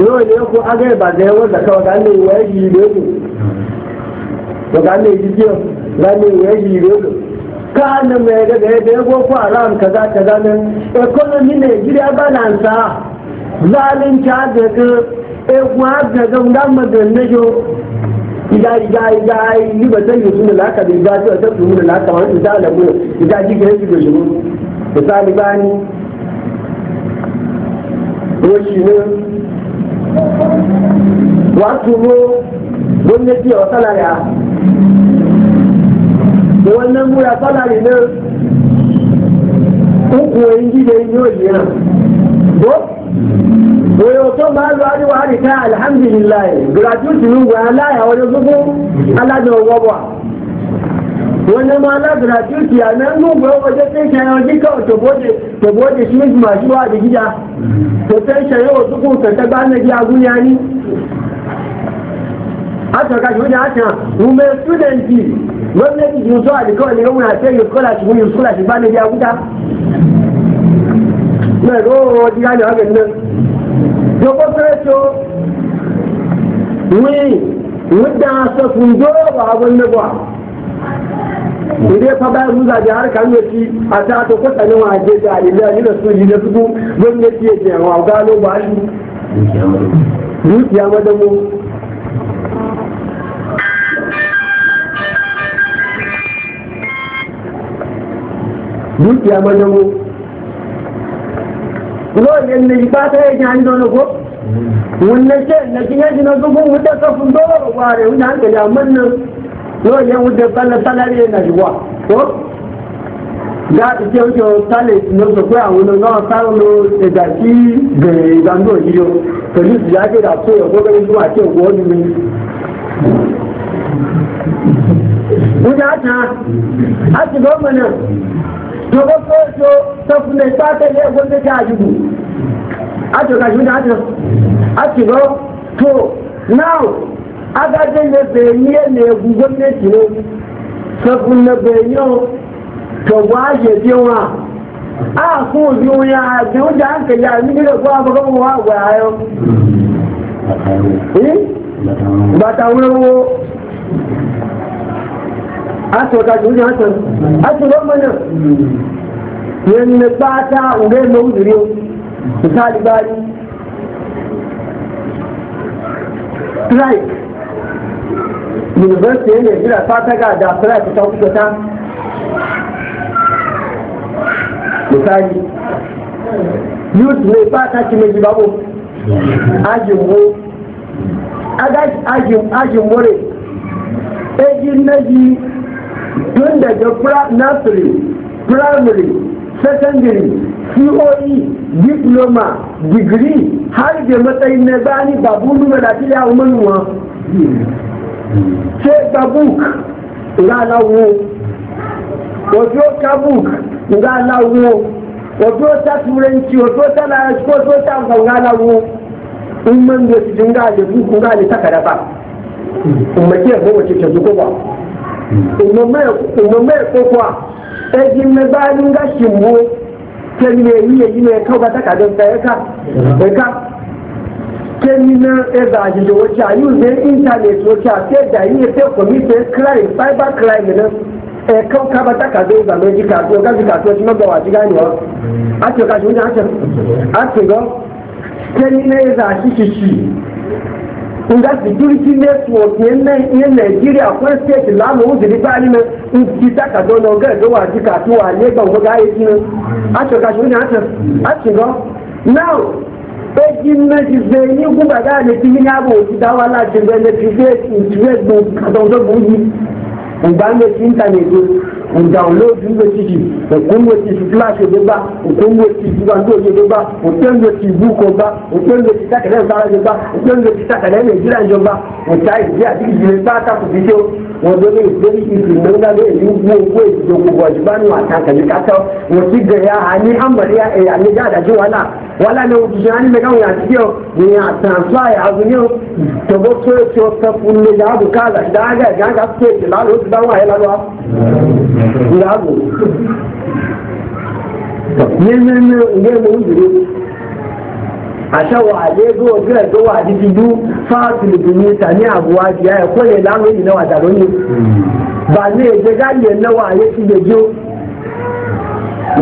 yau ne ko aga yi ba da yawon tsakawa ga ne wa yi ne ku ga ne wa yi ne ka nan mai daga yadda ya goko haram kaza kaza nan ekonomi ne gida balansa zalunci a egun agagan damar da na jo ida ida ida yi ba zai yusu da laka da ida ta ta tumu da laka wani ida da mu ida ji ga yi da shi misali bani roshi ne wato mo gwamnati ya wasala ya da wannan mura salari ne uku yayin yi yau yana ko oyoto ma lu ari wa ari ka alhamdulillah gratuity nu wa la ya wani ala da wabwa wannan ma la gratuity a nan sai yau jika to bode to bode shi ma shi wa da gida to sai ka yau zubu ka ta ba gida gunya ni haka ka shi haka mu me student gwamnati ji zuwa da kawai yau muna sai yuskula shi mun yi shi ba na gida guda na ro diga ne haka nan jogo trecho wi wadda sa kun jo ba wannan ba idan fa ba mu za jihar kan a ta to ko tsanin wa je da idan ni da su ji da su gwamnati ya je wa gano ba shi dukiya madamu dukiya mu. lóòyẹ ní ìpátá ẹ̀jẹ̀ àjọ́lógó wọn lẹ́ṣẹ́ lẹ́ṣẹ́ jìnà gbogbo wọn dẹ́kọ̀ fún dọ́wọ́ wà rẹ̀ wọn náà tẹ̀lé àmọ́ náà lóòyẹ dẹ́ bala sálárì ẹ̀ nàìjíríà tó gáàtì tí ó jọ sálẹ̀ ló sọ pé àwọn náà sáré lo ẹ̀dà sí bẹ̀rẹ̀ ìgbàgbọ́ yìí o pẹ̀lú ìyájẹ́ ìdàtó ẹ̀kọ́ bẹ́ẹ̀ ló àti ẹ̀kọ́ ọdún mi. wọ́n yà á tán á ti lọ́mọ náà jogo sojo ta fune ta ta ta ajugu a to ka shuna to a to now aga de ne be ni ne gugo ne ti no ta be yo to wa je bi wa a ku bi ya bi wa ja ka ya ni ga ko ba ko wa wa ayo eh aṣọ kájú ní aṣọ aṣọ lọ́mọ náà yẹn ní pátá òwe lówó ìrírí o ìsáàlì bá rí strike university yẹn nàìjíríà pátá gàdá strike tó kú kọta ìsáàlì youth ní pátá ti méjì báwo Aji ajìmwó rè éjì náà yìí. Don daga nursery primary secondary coe diploma degree har da matsayin na gani babu nuna da ta manuwa ce babuk lalawo wato kabuk lalawo wato ta turanci wato ta lalaci wato ta lalawo in man da su jinga da buku ga da takara ba kuma ke kowace ta ba omume a, eji anyị ngashi mgbu kemi na eyi na ẹka ọba ka nta ẹka ẹka kemi na ẹba ajijì a yóò intanet wọchi a ṣe ẹja yìí ẹsẹ kọmíṣẹ crime cyber crime bata ka dị ọba takadọ ìgbà méjì kàtó ọgá na nga security network yẹn nigeria fún state lánàá ó sì rí báyìí náà ń ti dákàdọ́ náà ọgá ẹ̀dọ́ wà sí kàtó wà lẹ́gbà òun ká yé sínú now eji mmeji ze ní gbúgbà dáa lè fi yíyá bò ti dá wa láti bẹ̀rẹ̀ fi fẹ́ ìtúwẹ́gbọ̀n kàtọ́ ọ̀dọ́gbọ̀n yìí ìgbà ń n download ngo tigi n kungo ti flash do ba n kungo ti bando do ba n kungo ti buko ba n kungo ti takale bara do ba n kungo ti takale ne jira do ba n tai ji ati ji ba ta ku bi do wọ́n ló ní ìgbéni ìsì nígbà lé èyí wú owó ìdókòwò bọ̀jùbá nù àtàkàlì kátó wọ́n ti gẹ̀yà àní àmọ̀lẹ́ ẹ̀yà àlejò àdájọ́ wàhálà wàhálà ní òṣìṣẹ́ àní mẹ́ta wọ̀nyí àtijọ́ ní àtàǹfà àbúyọ́ tọ́gbọ́ tó ètò ọ̀sẹ̀ fún mi yàgò ìyáàbò nínú ilé ìwé òjòrò àṣàwọ̀ àlégò ọ̀gbẹ́ tó wà títí dú fáàtì lùdùmí tàní àbúwá jẹ́ ẹ̀kọ́ lè láwọn èyí náà àdàrọ́ ní bà ní èdè gáàlì ẹ̀náwó ayé ti lè jó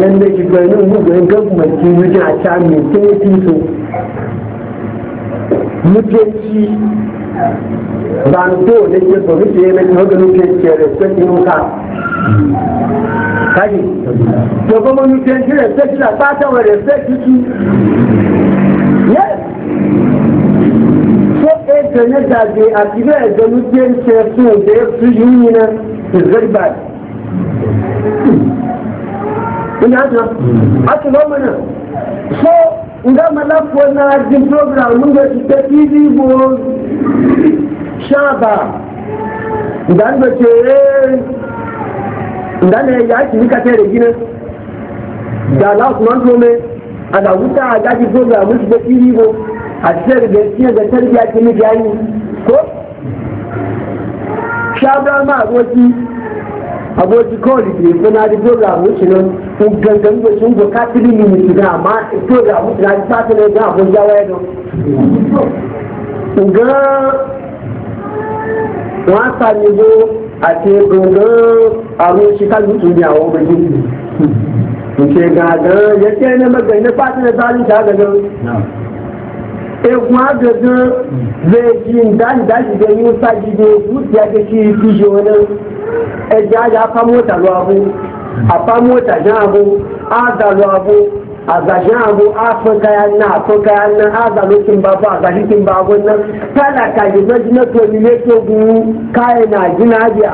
yẹn lè ti pẹ̀lú gbogbo ẹgbẹ́ gbọ̀mọ̀tì ní àṣà mi tí ó ti so mutunci ba tó lè ṣe sọ̀rọ̀ ṣe ko lẹ́yìn ọdún ló ṣe ṣe rẹ̀ pẹ́ kaji to kuma mutum shi respect na fata wa respect su yes so e eh, gane da bai a tibe a mu biyan ce su da ya su yi yi nan is very bad ina haka haka ba so nga malafu na jin program mun ga ta tv bo shaba dan ba ce eh, ngane ya ki nika tere gina da la usman tome ana wuta a gaji program mun shiga fili go a tsere da tsiye da tarbiya ki miki yayi ko shabra ma aboki aboki kawai ke kuna da program mun nan kun gangan da sun go katiri ni ne shiga amma program mun da ta ta ne ga abun ya don ga wa sa ni àti gbọ̀ngàn àwọn chicago tún ní àwọn ọmọ yìí nke gangan yẹtí ẹni mẹgbẹ ní pàtí ní bá yìí gangan egun agangan lèji ìdánidánidẹ ní sájìdẹ èkú tí a kékeré ìfijì wọn náà ẹjẹ ajá apámọ́tà lọ apámọ́tà jẹ́ abó ádà lọ a gashin abu a son kayan nan a son kayan nan a zalo kin ba ba a kin ba gwan nan tana kaji na jina to ne to gu kayan na jina biya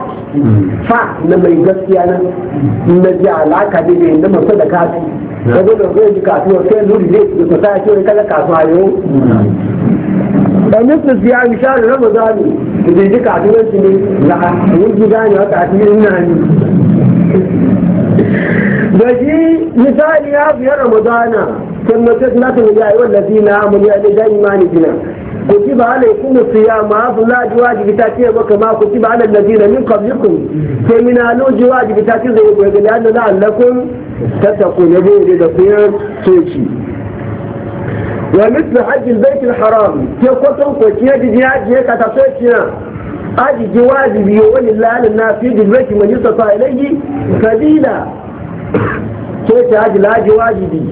fa na mai gaskiya na na ji alaka da ne na masu da kafi da gudu zai ji kasuwa sai luri ne da su sa shi kala kasuwa yau da nufin siya in sha da raba zami da zai ji kasuwar shi ne na wuji gane wata a cikin ina ne da shi misali ya biyar ramadana sun mutum na tun yayi wallafi na amuriya da imani jina كتب عليكم الصيام لا جواج بتاتي وكما كتب على الذين من قبلكم فمن ألو جواج بتاتي زي لأن لعلكم تتقون يبين إذا صيام سوشي ومثل حج البيت الحرام كيكوتم كوتيا جزياج هيك تسوشينا أجي جواج بيوان الله على الناس يجي البيت من يستطاع إليه سبيلا كيف أجي لا جواج بي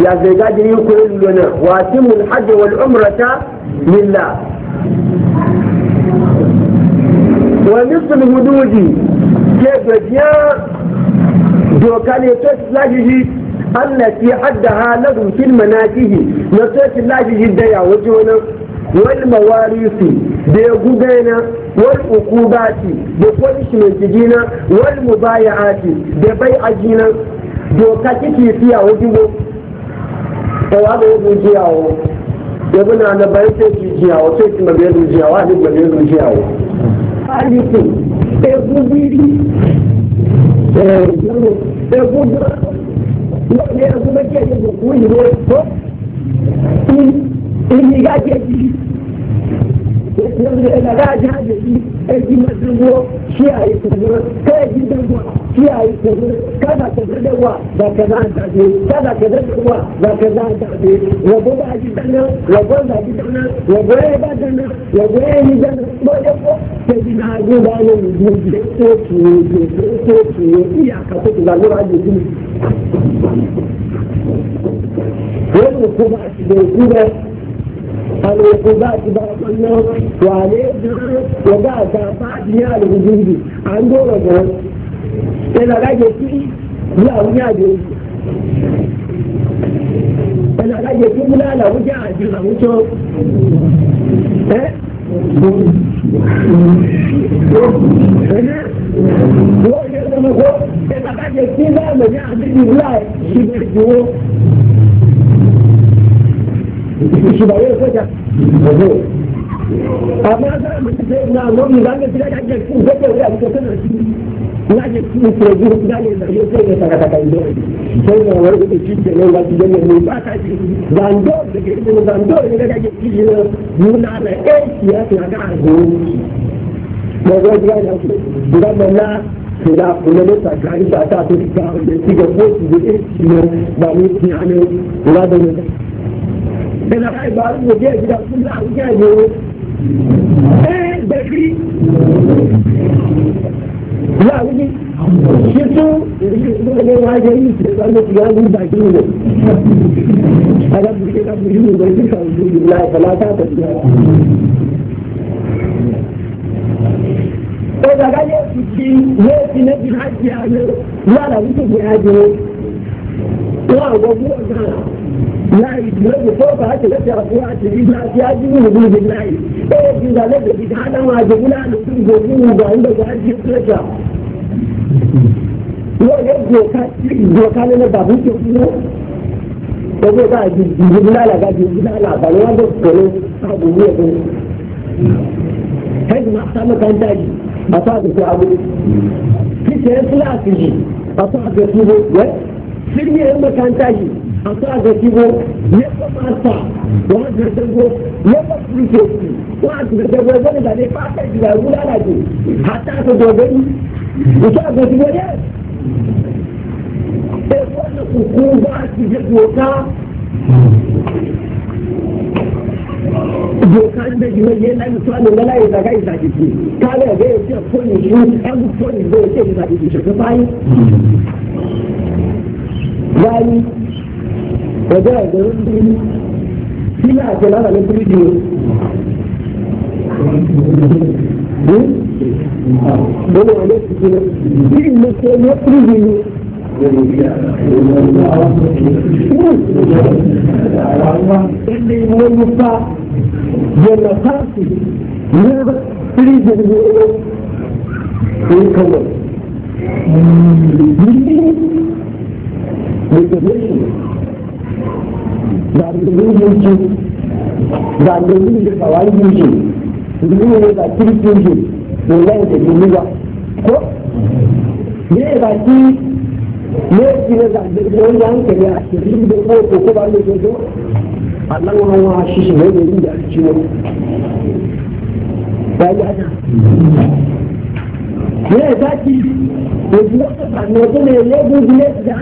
يا زيجاج يقول لنا واتم الحج والعمرة لله ونصف الهدود كيف جاء دوكان يتوت لاجي التي حدها لهم في المناكه نتوت لاجي ديا وجونا والمواريث بيغوغينا والعقوبات بقولشمنت جينا والمبايعات ببيع جينا دوكا تكي فيها وجوه فوالا وجوه yabo na na bayan sai ki jiyawa sai ki mabiya zuciyawa ne mabiya zuciyawa aliku ego biri ego e bira wani ego mace ne ko kuma yi ruwa ko in yi gaje ji yanzu e da e ga gaje ji egi masu ruwa shi a yi kuma kai ji dangola kiyaye kaza kada ka da wa ba ka za ta ce kada ka da wa ba ka za ta ce rabo ba ji dana rabo ba ji dana rabo ya ba dana rabo ya yi dana ba ya ko ta ji na ji ba ne mu ji ko ki ji ko ki iya ka ko da lura ji ji wannan kuma shi da kuma العقوبات بارك الله وعليه وقعد بعد يا الوجود عن دور ẹ̀là láyé sí ní àwọn àjò ẹ̀là láyé amma za mu na da naje mutuwa guru gane da yau sai ya saka ta ido sai da wani da shi ke nan wasu jami'a ne ba ta ji zando da ke ido zando ne da ke ji na nuna na aiki ya ta ga arzo da ga ga da su da ba na da kuma da ta ga da ta to ga da shi ga ko su da shi ne ba mu ci ne da da ne da na kai ba mu je gida sun da ga ne eh da shi لا ودي شفتوا اللي ما جاي قال لك يا ابو باكين هذا بيجي doka ne na babu ke kuma da zai a jirgin lalaga jirgin lalaga ne wanda kone abu ne ko kai ma ta ji a sa da abu kisa ya sula su ji a sa da su ne wai sirriya ya makaranta ji a sa da su ne ya kama sa wa da dago ya ke wa da ne ta ji da rula ji ta Ìjọba ti wọ́n yẹ. Ẹ̀fọ́ ni kùkú wá ti jẹ́ gbòòká. Gbòòká ń bẹ jùlọ yẹ láti sọ àná lọ́la ìdàgá ìdàgìdì. Kálẹ̀ ẹ̀rẹ́ yóò jẹ́ fóònù ìlú ẹ̀rù fóònù ìlú ẹ̀jẹ̀ ìdàgìdì ṣẹ̀fẹ́ báyìí. Báyìí, ọ̀dọ́ ẹ̀gbẹ́ ń bí sílẹ̀ àjọ Böyle öyle fikir. Bir mesele yapmayı Şimdi inanırsa yaratar ki yaratar bir yıkılır. Bildiğiniz reservation darbelerin için darbelerin de kalan için bildiğiniz aktivitenin için wallahi da jini ba ko ne ba ki ne ki na zaɓe wanda an kare a cikin da kawai ko ko ba ne a Allah wa wa shi shi ne da da ake ciwo ba ya da ne ba ki ne ki na ta ne ko ne ne ko ne da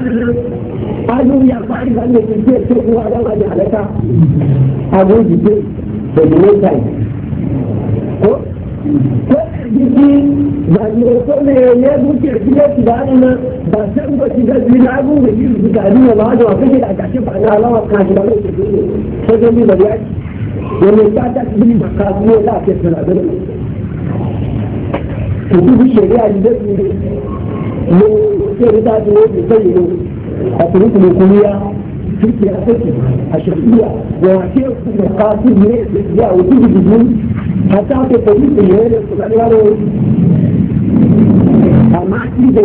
Ajo ya fari ga ne ki ce ko wa da ne halaka abu ji ce da ne kai ko ko جدي بعد ما وصلنا يا اياد ممكن احتياج بقى انا بعشان بس ده بيلعبوا ويجيبوا بتعليم بعض وافكر هتعشف على الله وقاعد بقول فجأة لي ما بيعش لما يتعدى تبني مقاطعية لا تسمع بنا وتجيب الشريعة اللي بتبني لو كده ده بيقول أتريد الكلية في سياستي الشخصية وأشياء مقاصد من الجاء وتجي بدون Até uma pessoa de dinheiro, eu sou valor. A máquina,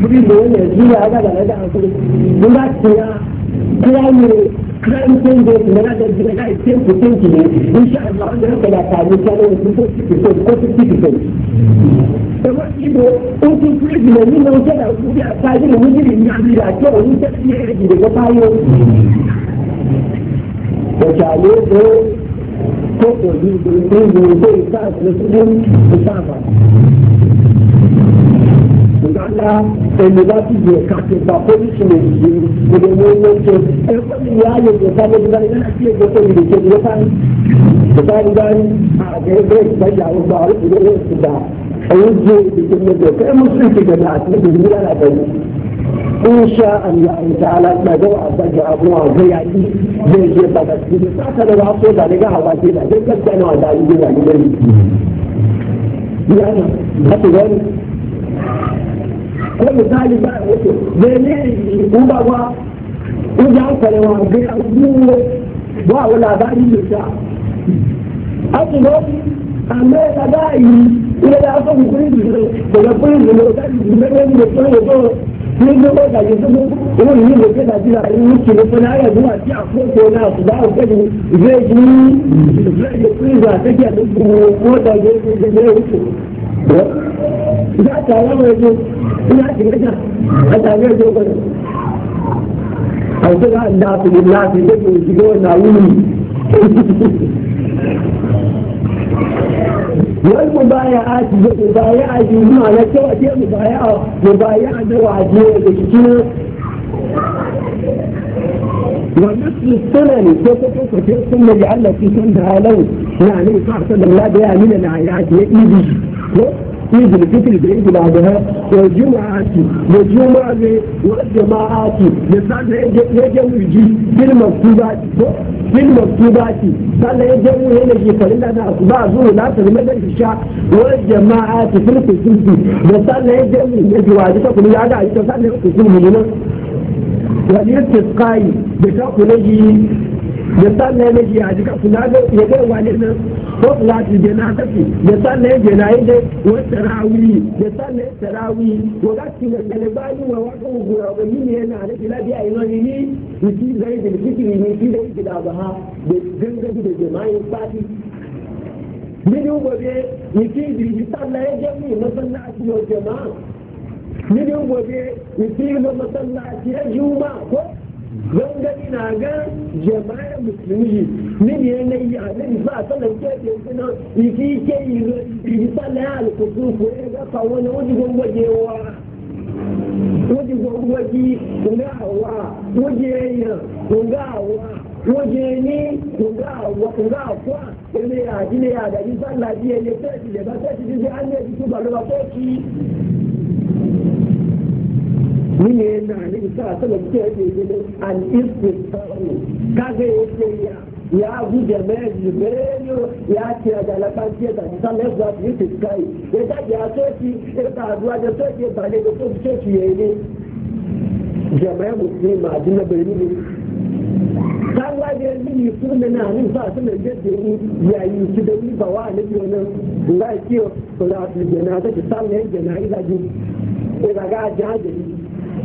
brilhou, energia, a galera da não vai tirar, tirar o tirar o entender, não vai desligar esse tempo, tem que ir. Inshallah, não vai pegar a carne, que era um constitucional, constitucional. Eu vou te dizer, um simplesmente ele não será, porque a carne não me diria, me diria, que eu não sei se ele diria, que كتب بالإنجليز من كل ساعة مسلم مسافر Ngala ẹnìbàtí yẹ kàkìtà pọ́lísì ní ìdí ìdòwò lóṣù ẹ̀kọ́ ti yá ayé ìjọba lójú báyìí náà sí ẹgbẹ́ tó ìdíje ìjọba báyìí ìjọba báyìí àgbẹ̀ ẹgbẹ́ ìgbàjà ọgbà ọlọ́pàá ìjọba ẹ̀yìn jẹ́ ìdíje ìjọba ẹ̀ mú sí ìdíje ìjọba àti ìdíje ìjọba àtẹ̀yìn. in sha Allah ta'ala ina ga wa ba ga abu wa ga yaki zai je ba da shi ta ta da wasu da daga hawa ke da duk gaskiya na da yi da yi da yi yana da ta gani ko misali ba wato zai ne in ba ba in ja kwarewa ga abu wa wa labari ne ta abu ba àmọ́ ẹ̀ka báyìí ilé aṣọ́ kùkúrú ìdìbò kò lọ fún ìdìbò káàdì ìdìbò mẹ́rin ló fún ìdìbò ní gbogbo ìgbàgbé gbogbo owó yìí ló gbé tàbí ra ìlú kì fún náírà ìlú àti àkókò náà ṣùgbọ́n ni yawon mubaya a jiye mubaya a jiye ma na cewa ke mubaya a mubaya a da wajiyar da cikin wannan su ne ko kuma kwace sun da ji Allah su sun da halau na ne kawai sun da mula da yamina na ya ajiye ibi عيد الفطر بعيد الأضحى والجمعة والجمعة والجماعات في المكتوبات في المكتوبات صلى يجمع هنا جي فلنا أصبع زور لا تلمد الشاء والجماعات في الخصوص يجمع يجي يجوز تقول يا دعي تصلى الخصوص وليس والاستسقاء بتاكل يجي da sallah ne shi haji ka kula ga ya ga wani nan ko kula ti na kafi da sallah na yi da wa da sallah tarawih wa ga ti ne ba ni wa wa ko ba ni ne na da kila bi ai no ni ni ti zai da ni da ba ha da da jama'i fati ni ne ni ya ni yo jama'a ni ne ni ya ko gangani na ga jama'ar musulmi ne ya na yi abin ba a sallan kefe suna iki ke yi sallan ya alkutu ko ya gafa wani wajen gwangwajewa wajen gwangwaji kunga awa wajen yan kunga awa wajen ni kunga awa kunga akwa ne ya ji ne ya da yi sallan biya ne sai shi da ba sai shi ji an ne su ba ba ko ki mine yana annabi sa sallam ke yake gina an istighfaru kaga yake ya ya guje meji meyo ya ce da laban ce da ta lewa yi tiskai ya da ya so ki ya ta zuwa da so ki ba ne da so ki ce yayi ne jama'a bai ne kawa da mini sunna na hannun ba su nan da ya yi su da ni ba wa ne biyo nan ga kiyo ko da su jana ta ki sallan na ila ji ila ga jaji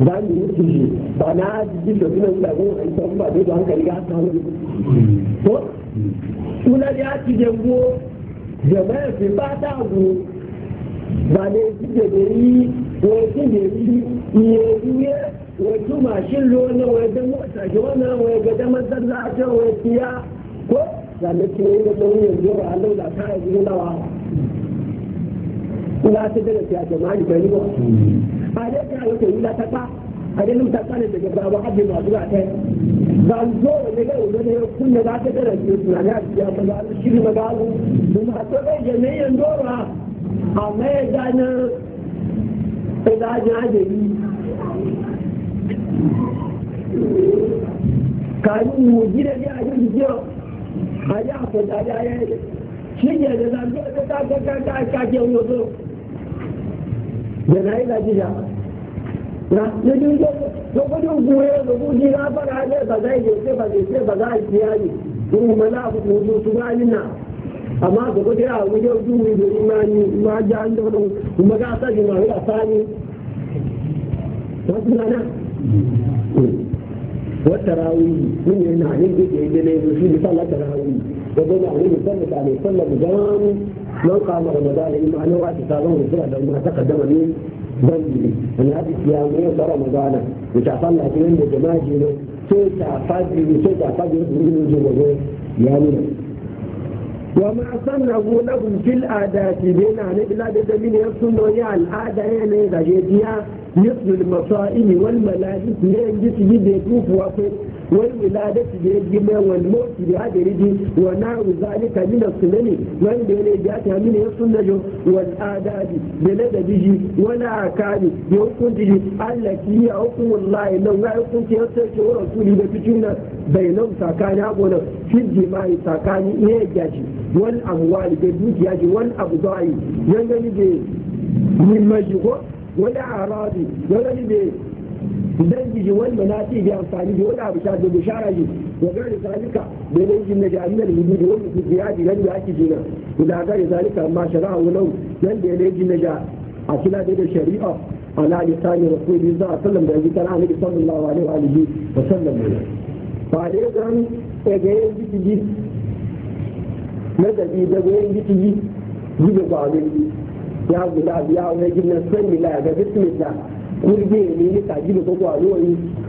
za mu yi shi ba na jin da suna wuta ko a isa ba zai hankali ga ta wani to suna ya ci jango jama'a fi ba ta gu ba ne ji da gari wai ji da yi iye iye wai mashin lona wai da mota jona wai ga da mazarza a can wai ya. ko zanen cin yi da tsawon yanzu ba a lauda ta yi zuwa wa. Ina ta daga siya jama'a da ba. ale ta yau ta wula ta ale num ta ta ne daga baba hadi ma zuwa ta ba zo ne ga wanda ne kun da ta da ne suna ga ma ba ga shi ma ga ku kuma ta ga jami'an dora amma ya gana ta ga da yi mu gida ne a yin jiya a yi a kwanta ya yi shi ne da zan zo ta ta ta ta ta ke wato janayiza jija na jirgin lokacin gure lokaci na fara ne ba zai je sai ba sai ba za a kiya ne in ma na kudu su gani na amma ga kuɗi a wajen juyi da imani ma ja an da wani kuma ga sa jima ga sani wasu nana wata rawi min ne na ne da ke da ne su misalla tarawih da ga ne da sallallahu لو قام رمضان انه انا وقت صارون فرع ما تقدم من ذنبي أن هذه الصيام يوم رمضان وتعطل من جماجي سوء تعفادي سوء تعفادي من وجوه يعني وما صنعوا لهم في العادات بين عن بلاد الدمين يصنعوا العادة يعني إذا جيتها مثل المصائب والملابس يعني جيت جيت وفي والولادة بيجمع والموت بهدره ونحو ذلك من السنن وان بيجاتها من السنة والآداب بلدجه والأعكاد بحكمته التي هي حكم الله لو لا يكون تيسرك ورسوله بفتنا بينهم ساكان أبونا في الدماء ساكان إيجاجي والأموال بدوجياجي والأبضاع ينجل بمجهور والأعراض ينجل dangi ji wanda na ce ji amfani da wani abu shaɗe da shara ji da gari zalika da yanzu na jami'ar hudu da wani kuke yaji nan da ake jina da gari zalika amma shara'a wulau nan da yanzu na ja a kila da da shari'a ala lisani rasuli za a sallam da yanzu kan annabi sallallahu alaihi wa alihi wa sallam ne ba da yanzu an ga yanzu na da da yanzu ji ji da ba ne ya guda biya wani gina san mila ga bismillah kurbe ne ni kaji da kogo a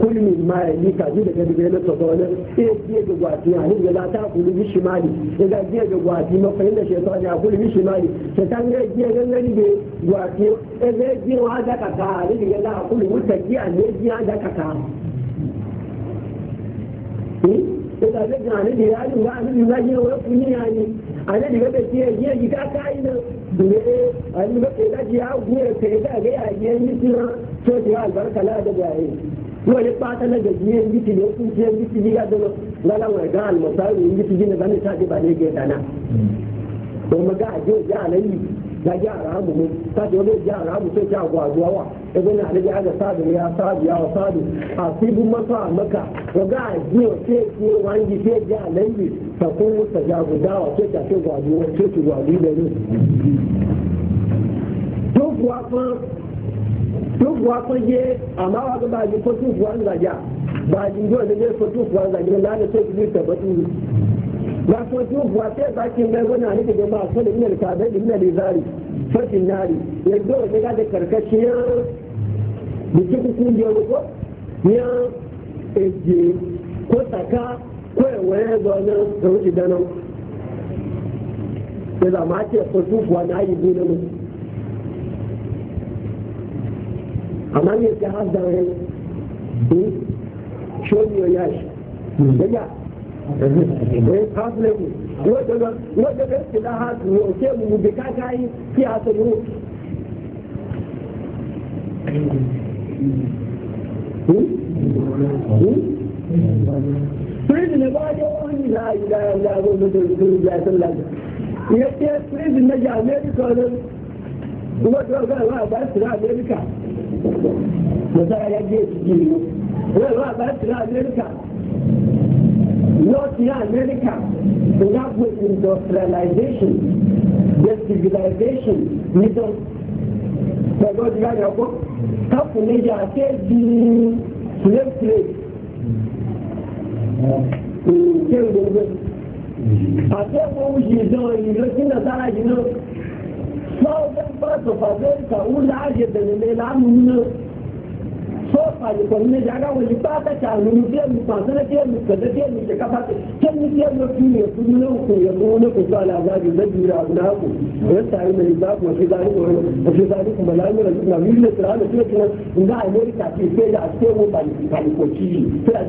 kulmi ma ya ni kaji da gadi bai lantsa ga wani eh biye ga gwati da ta kulu bi shimali ya ga ga gwati kulu bi shimali gwati wa da ni ga ne biye da ka ka da ga ga da ya ni ga ni ga ni wa kunni ya ne ana diga da ke yi yi ka kai na dole an ga ke da ya ku ya da ga sai ku albarka la da jaye yau ya fata na gaji ya yi tili ya kuce ya yi tili ya zama lalan wai ga almasaru ya yi ne ta ji ba ne ga dana to maga a je ya alayi da mu ta wani yara mu sai ta gwazuwa wa ibn ali ya ga sadu ya sadu ya sadu asibu masa maka wa ga ji wa ce ce wangi ce ja alayi ta kun musa ja gudawa ce ta ce gwazuwa ce ce gwazuwa da ne to kuwa fa tufuwa kwaje amma wa ga baji ko tufuwa ba baji ndo da ne ko tufuwa zaja na ne so ki tabbatu ba so tufuwa sai ba kin ga gona ne da ba so da ina da tabe da ina da zari fatin nari yadda ne ga da karkashin biki ku kun je ko ya eje ko saka ko waye gona da wuce danan da zama ce ko tufuwa na yi gona amma ne ta har da rai show your yash daga ɗaya? problem wadda wadda ga ke mu bi ka kai ki hasabu Prison ne ba ya wani na ila ila ko mutum sun ya sallah. ce prison na America ba su Mọ̀sára yẹ bí èsì yìí lọ. Wọ́n lọ àgbà ti rà Amẹ́ríkà. Lọ́ọ̀tì rà Amẹ́ríkà. Ìyá gbé industrialization, decivilization nídọ̀. Pẹ̀lú ọdún yára ọkọ̀. Káfù méjì àti èdè slave trade. Ṣé ìgbòho? Àti ẹ̀kọ́ òun yìí dán ìrètí nàìjíríà yìí náà. sọ́ọ̀dẹ́gbọ́sọ̀ ne ó láàyè bẹ̀rẹ̀ lé lánàá náà sọ́ọ̀fà ìkọ̀lù ní ìjàgá wọn yìí bá tẹ̀sà lórí bí ẹnu pàṣẹ bí ẹnu pẹ̀lẹ́ bí ẹnu ìjẹ̀kápá tẹ̀ kẹ́ni bí ẹnu fi lè fún ilé òkú yẹn tó wọlé kò sọ àlàáfíà yìí lẹ́bi ìrà àbúrà ne ẹ̀ ne mẹ́rin ìgbà kù ọ̀fíìsárì kùmọ̀lá ọ̀fíìsárì kùmọ̀lá ń yọ̀rọ̀ nígbà mí lè tẹ̀lé àlọ́ fílẹ̀ tẹ̀lé nga amẹ́ríkà ti fẹ́ yà ṣé wo pàlìkò tí yìí fẹ́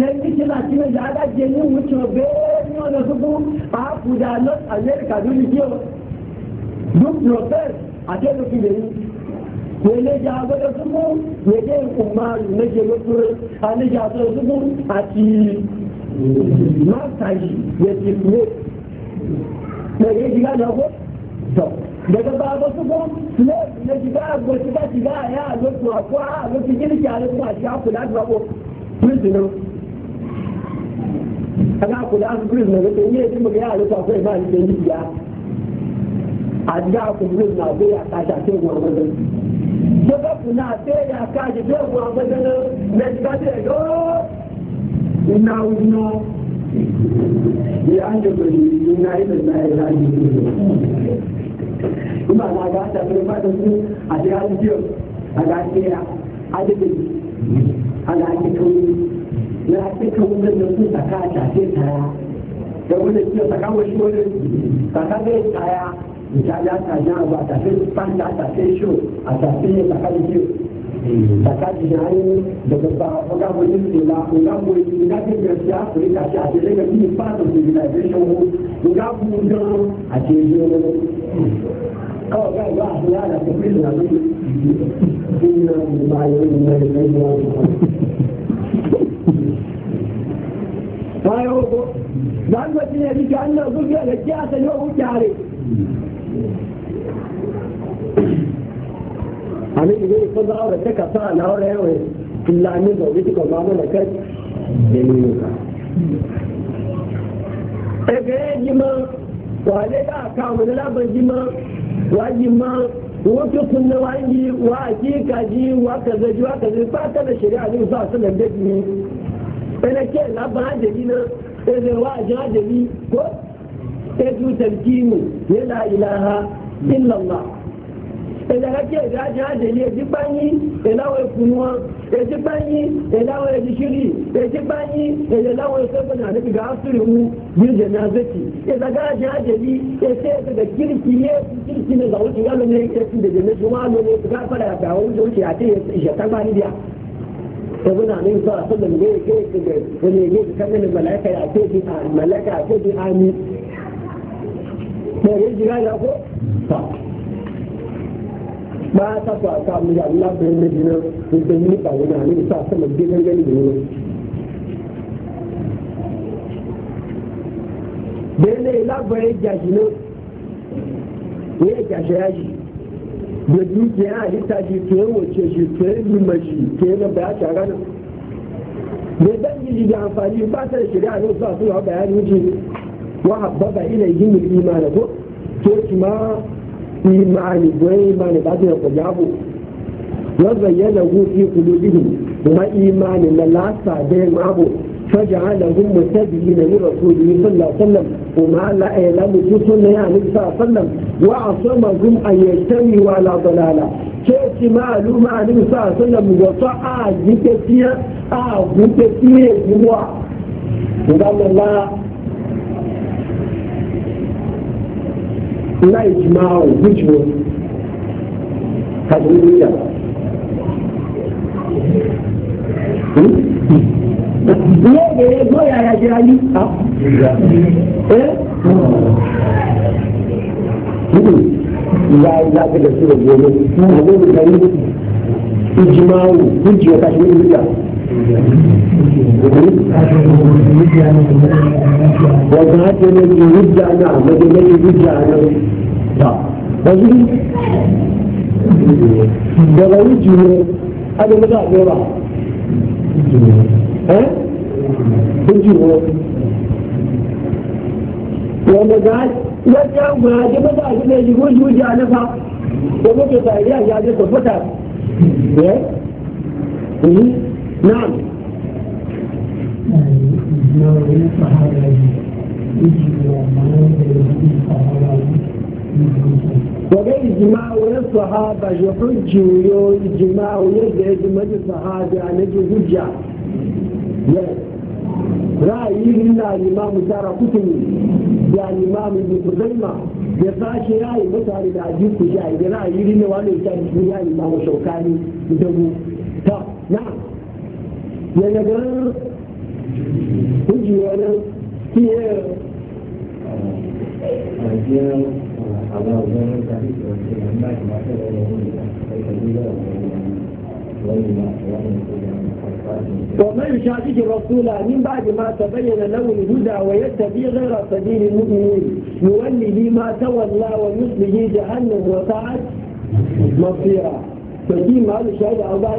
yanzu kina kina da aka je wuce bayan yau da suku a kuda north america dole kiyo duk profes a ke da kuda yi ne ne ja ga da suku ne ke kuma ne ke da turai a ne ja ga suku a ci ma sai ya ci ne da ya shiga da ko to daga baba su ko ne na shiga ko shiga shiga ya lokacin ko a lokacin gini ya lokacin a shiga kula da ko prisoner ana kula da prisoner ko ne din ga ya lokacin ko ba ni ni ya a ga ko prisoner ko ya ka ta ce gwarwa da daga kuna sai ya ka ji da gwarwa da na shiga da go ina uno ya an da ni na ina na ina kuma na ga ta ne ba su a ji an ji a ga ke ya a ji a ga ke kawo na ake kawo da su a tafe taya da wanda ke saka wa shi wani saka zai taya misali a a tafe fanta a tafe shi a tafe ya saka da tsakanin yayin daga ba wanda wani ne la wanda wani na ke gaskiya ko ita ce a ce daga ni ba da su da ke shawo wanda ku da a ce ji wani kawai ga ba su ya da ku da su ina ba yin ne ne ne bayan ko dan ba ne rike annan zuwa da kiyasa yau ku kyare àmì ìwé ìfọ́nà ọ̀rẹ́ tẹ́ka sọ àná ọ̀rẹ́ rẹ̀ ìlà nígbà òbí tí kò máa mọ̀ lẹ́kẹ́ ìdẹ̀lẹ̀ wa ẹgbẹ́ jimá wàlẹ́ yà ká àwọn ẹlẹ́bàá jimá wà jimá wọ́n tó kun náà wá yí wà kí kàjí wà kẹ̀lẹ́ ju wà kẹ̀lẹ́ fún àtẹ̀lẹ̀ ṣẹlẹ̀ àti ìfọ́ àtẹ̀lẹ̀ bẹ́ẹ̀ ni ẹnẹ́kẹ́ làbàá àjẹbí náà ẹ̀rẹ̀ wà àjẹ àjẹbí kó ẹ̀dùn tẹ̀lifíìmù yẹ́lá ìlàhà ìlàlá ẹ̀dàgàtí ẹ̀dájà àdèlé ẹ̀dígbà yín ẹ̀láwọ̀ ẹ̀kùn wọn ẹ̀dígbà yín ẹ̀láwọ̀ ẹ̀díṣírì ẹ̀dígbà yín ẹ̀láwọ̀ ẹ̀sẹ̀gbọ̀nà àdébìgà áfírí mu bíjẹ̀ ní azẹ́tì ẹ̀dàgàjà àdèlé ẹ̀sẹ̀ ẹ̀sẹ̀ kìrìkì yẹ ní ìgbàwó ti lómi ẹ̀sìn dèdè méjì wọn lómi ẹ̀sìn káfàdà àgbà oúnjẹ àti ìṣẹ̀tàgbà níbi à يقول عليه الصلاة والسلام ليه كيف كده واللي يجي يكمل الملائكة يعتدي الملائكة يعتدي آمين ما يجي قال أبو ba ta ko aka mu ya Allah da ne dinan ko da ni ba wani ne sa sama gidan gani ne dan ne la bare jaji ne ne jaji yaji da dukiya a hita shi to yawo ce shi to yi limashi to yi ba ya shara nan da dan yi da amfani ba ta da a ne sa su bayani ji wa habbaba ila yin imani ko to kuma imani gwai imani ba ta yanku jabu wanda yana hufi kudu dihi ma imani na lasa da yin abu faja ala hun mutabi yi yi rasuli yi sallallahu sallam kuma wa a so ma hun ayyantari wa ma alu ma alu sa sallam wa so a jike fiye a gufe fiye kuwa. Ndamala which one has been لا إجماع وجمع تدوينية lóògbé lóyè ayájẹ́ ayé ìyá ìyá tẹ̀lé sí ògbóni àwọn olùdarí ìjìmáwò níjìyà tàbí níjìyà wata haka ne ke hujja na majalai hujja na ba ba su da ba yi jure a da maza ne ba eh sun jure wanda ga yadda gwaje maza ne ne jigo hujja na fa da muke tsaye a yaje tabbata eh نعم وغير إجماع الصحابة يحج نعم. نعم. نعم. نعم. الصحابة عن الحجة رأيي إلا الإمام دار كتني يا الإمام ابن خزيمة ya sashi ya yi mutane da aji ku shi a idan a yi rini نعم ينبع وجوانا فيها ايه؟ ومن يشاكك الرسول من بعد ما تبين له الهدى ويتبع غير سبيل المؤمنين يوله ما تولى ويصله جهنم وساعت مصيرا فدي ما شهد أربعة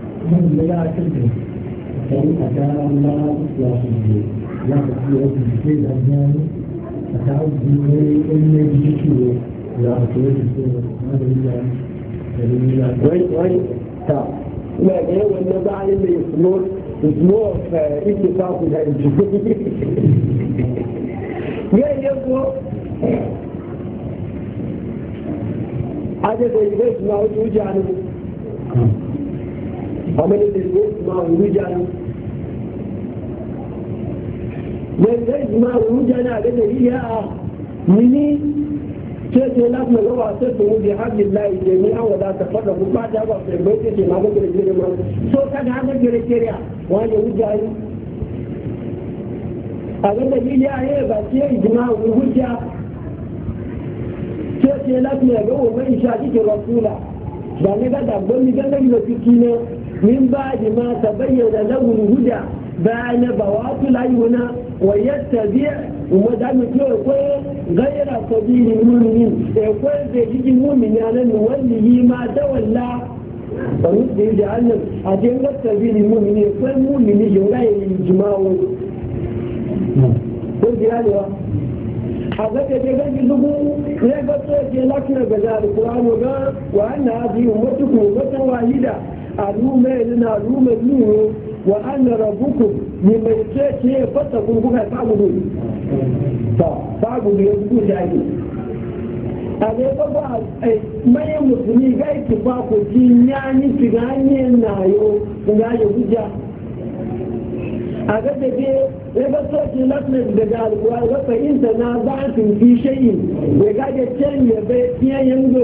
من بلا كذب فإن أتانا الله إخلاصه يأخذ في كل الأبدان فتعود بنور إلا بذكره لا أخلاص السورة هذا إلا وين وين تا لا ده ولا ده على اللي يسمور يسمور في اتصال الهرج يا يبو هذا زي بيت ما وجه عنه How many ko ma wurujan? When there is ma wurujan, I get the iya mini ce na kuma gaba sai su wuce hajjin layi ke ni an wadata fada ku ba ta ba sai bai cece ma gaba da girma so ka da haka gire kiriya wani wujayi abin da gidi a yi ba ce ijima ce cece na kuma gaba mai isha kike rasula ba ni ga da ni ga gaba ne من بعد ما تبين له الهدى بان بواطل العيون ويتبع وما دام يقول غير سبيل المؤمنين يقول بيجي المؤمن على يعني نوله ما تولى فنبدأ جعلنا عشان غير سبيل المؤمنين يقول المؤمن يقول الجماع قلت يعني حضرتك يجب الزبون يجب الصوت يلقنا بذلك القرآن وقال وأن هذه أمتكم أمة واحدة alume yana alume nuhu wa anna rabbukum ni mai ce ya fata kun kuka samu ne ta babu ya ku da ni a ne ba ba mai musulmi ga ki ba ku ji nyani ki ga na yo ga ya hujja a ga tafiye daga na a shayi ya can ya bai iya yin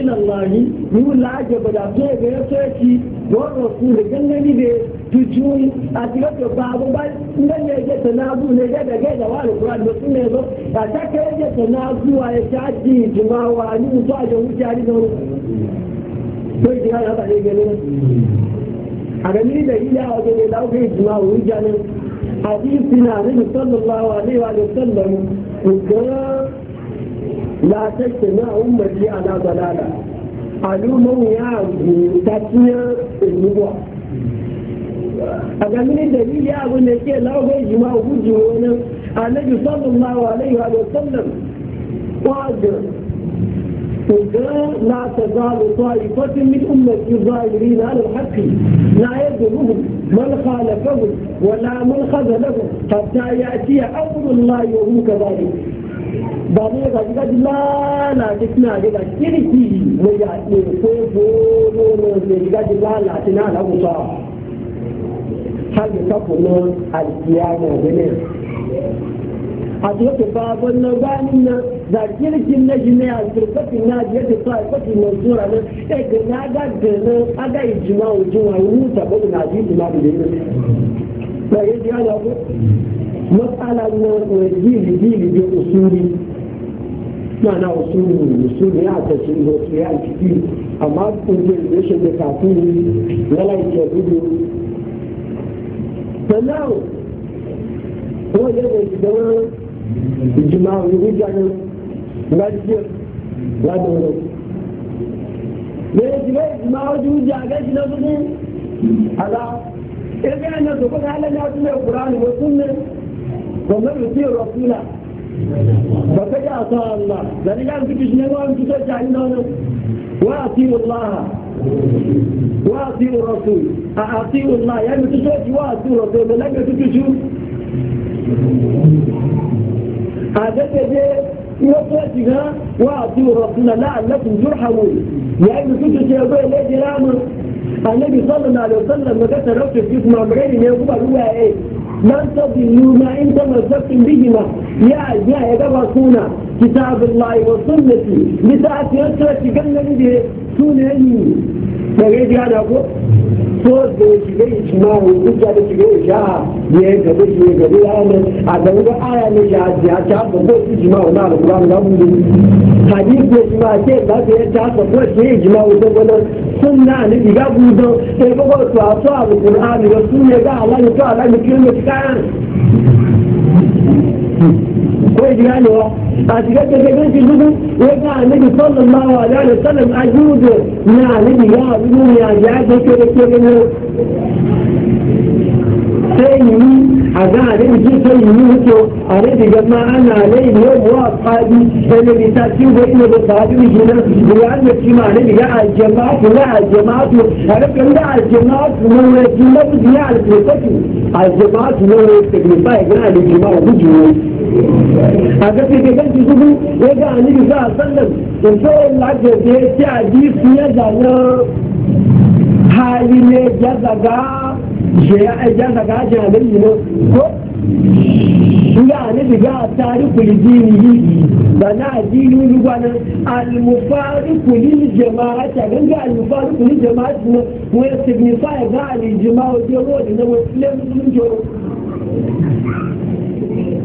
ila lahi ba da so ya ga ya soki su da gangani da tuju a cikin da ba abu ba nan ne ya ta nazu ne ya ga gaida wa da su ne zo a ta kai ya ta nazuwa ya ta ji jimawa ni mutu a wuce a ne a ganin da ila a wajen da za ku yi jima a wuri janin a isi na nabi sallallahu alaihi wa sallam ku ga latakke na umarci a na zalala a lumon ya gudatiya ilmuwa a ganin da ila a wajen da ke lafi jima a wuri janin a nabi sallallahu alaihi wa sallam ƙwajin تزال لا تزال طائفة من أمة الظاهرين على الحق لا يدرهم من خالفهم ولا من خذلهم حتى يأتي أول الله وهم كذلك بابو غادي غادي لا لا تسمع غادي كيري كيري ويا كيري كيري كيري كيري غادي لا لا تنا لا بوصا حاجة تقول القيامة بنا هذه تبقى بنا بنا da kirkin na jini a turfatin na biyar da sa kwafi mai tura nan sai e, ga na ga gano aga ijima wajen wa rusa ba na ji ijima da jini ba ya ji ana ko matsala na e, jili jili da usuli mana usuli usuli ya da su ya ciki amma kungiyar da shi da kafin lalace gudu sannan ko yadda da wani ijima gbajúgbò ládòrò lẹ́yìn méjì máa ojú ìjà àgẹ́jì lọ tuntun àlá ẹgbẹ́ ẹ̀nà tó kọ́ kálẹ̀ ní ọdún ẹ̀kùnrin àni wọ́n tún ní gọ̀mẹ́rù sí ọ̀rọ̀ fúnà bàtẹ́jà àtọ́ àlá lẹ́nìyà ń tutù sinẹ́ wọ́n ń tutù ẹ̀jà yìí lọ́nà wọ́n àti ìwòláhà wọ́n àti ìrọ̀tù àti ìwòláhà yẹ́nu tutù ẹ̀jì wọ́n àti ìrọ̀tù ẹ̀mẹ́lẹ́gbẹ̀ẹ́ tutù يوقاتها وأعطيوا ربنا لعلكم ترحمون يعني كنت سيقول لي الأمر النبي صلى الله عليه وسلم كتب رفض جسم عمرين يقول هو ايه لن تضلوا ما ان تمسكتم بهما يا يا يا كتاب الله وسنتي لتاتي جنة كم نبي إيه ما على هذا ijima ne shiga ijma hujja da shiga isha ya gaba shi ya gaba ne a da wani aya ne ya ji a ta ga ko ijma wa al-Qur'an da mu hadisi ne ijma ke ba da ya ta ga ko shi ijima wa da wannan sunna ne diga budo sai ko ko to a to a quran da sunne ga Allah to Allah ne kin mutan ويجي يعني قالوا أتجد كذلك جدو ويجع يعني النبي صلى الله عليه وسلم أجود يا نبي يا بدون يا جاد كذا كذا سيني أجا النبي جي سيني هكو النبي جماعة أنا عليه اليوم وأصحابي النبي تأتيه بإنه بصحابي جينا ويعلم كما النبي يا الجماعة لا الجماعة عرف كم لا الجماعة من الجماعة يعرف نفسه الجماعة من التكلفة يقرأ الجماعة a gaske ke kan tuzu ya ga annabi sa sallan da sai lafiya da ya ci hadisi ya zana hali ne ya zaga ya zaga jami'in ne ko ya ne daga tariku lijini da na addini lugwanin almufariku lil jama'a ta ganga almufariku lil jama'a ne mu ya signify ga alijima'u da wani na wasu lemun joro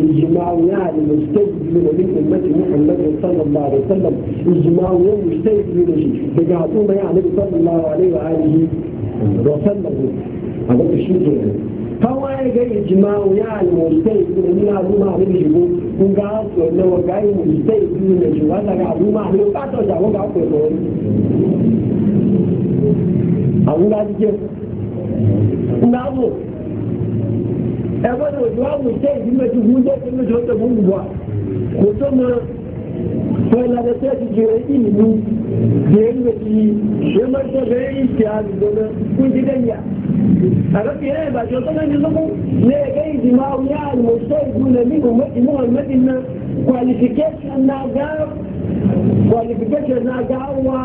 إجماع نهل المجتهد من أمة محمد صلى الله عليه وسلم إجماع من شيء بقعدوا ما يعني صلى الله عليه وآله وسلم هذا الشيء ya na ruma ne jibo kun ga so ne wa ga yi mustai ne jibo wala ga ne ka to ẹgbẹ́ náà ojú àwọn ìṣe ìdímẹ́tì fún jẹ́ ìdímẹ́tì ó tẹ̀wọ́n wù wá kò tó mọ fún ìlànà tí ti jẹ ṣé máa ń àgbègbè fún yà lọ́kọ́ ní ẹgbẹ́ ìlú rẹ̀ ní náà qualification náà gá qualification náà gá wà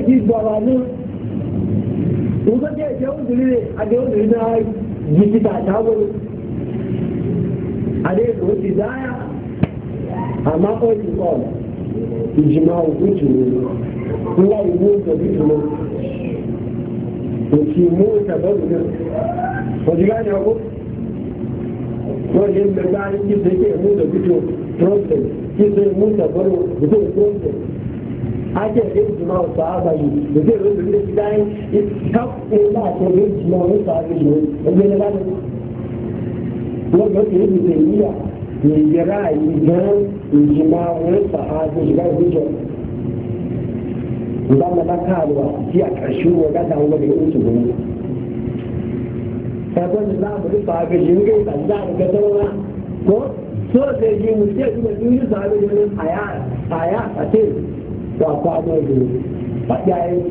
ìdí gbọ̀rọ̀ ní. gidi ta ta wani a dai ko ci zaya amma ko ci ko ijma'u ujmu kula yi mota ujmu ko ci mota ba ne ko ji gane ko ko yin da gani ki sai ke mota ujmu problem ki sai ake da ijima wa sahaba yi da zai rubu da shi dai ta ko ba ko da ijima wa sahaba yi ne da ne ko da ke yi da niyya jira yi dan ijima wa sahaba yi ga hujja idan da ka ruwa shi a karshe wa ga da wanda ya wuce gurin ka za mu rufa ga jirgin da za mu ga saura ko so da yi mu sai kuma duniya sahabi ne a ya a ya a da kwanar da faɗaye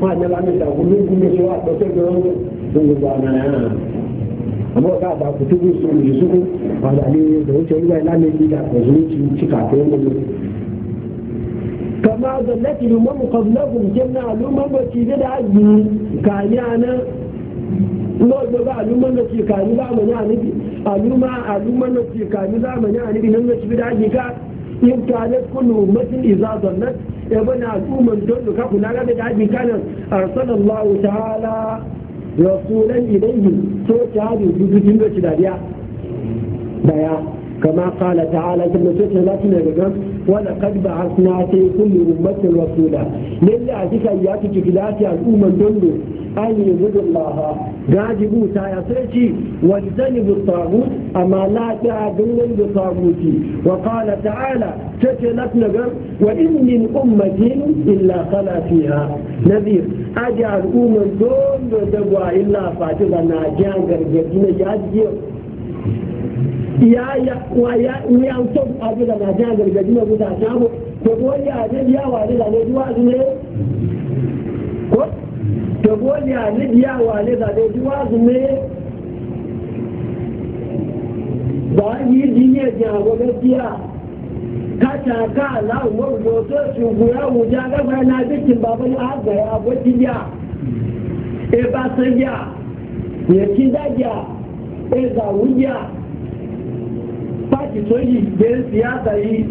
ma na ba da gudun kuma shi wa ɗaukar da wani sun yi ba na yana amma ka ba ku tubu su yi su ku ba da ne da wuce ruwa ila mai gida da zuci cika ta yi ne kama da lati lumamu kablagun kenna lumamu ba ci da ajiyi kani a nan lọ́jọ́ bá àlúmọ́ lọ sí ìkàní láàmù ní àníbi àlúmọ́ àlúmọ́ lọ sí ìkàní láàmù ní àníbi ní ó lọ sí bí dájú ká in kanat kullu ummatin idza ya bani al'umman don ka kula ga da abin kanan arsalallahu ta'ala idan yi so ta dubu jin da shida biya daya kama qala ta'ala Ta so ta zaki ne daga wala qad ba'athna fi kulli ummatin rasula a cikin ya ci gidati al'umman don أن يبود الله قاجب سايسيتي واجتنب الطاغوت أما لا تعدل بطاغوت وقال تعالى من أمة إلا خلا فيها نذير أجعل أمة دون دبوا إلا فاتبا ناجان قرجتنا جاجيو يا يا ويا ويا انتم ابدا ما جاء قبل ما بدا شابو تقول يا يا واد لا نجوا tabo ne a libya wa ne da ne ji wazu ne ba yi dinye ji a gwamnatiya ka shaka ala'u wa roto na bikin baban agaya ya e ba san ya ya ci daga e tó yìí gbé siyasa yìí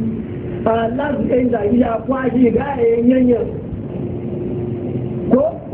aláàbò yìí ẹ̀yẹ̀yẹ̀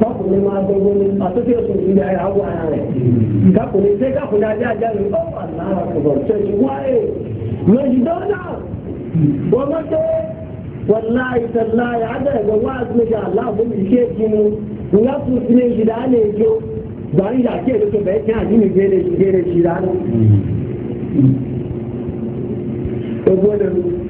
kakuni ma dogo ni association ndị da ya wa ya ne kakuni sai kakuni aja aja ni o Allah wa ko so shi wae no shi wallahi tallahi ada ga waz ne ga Allah mun ke kinu na su ne shi ne jo ke kan ni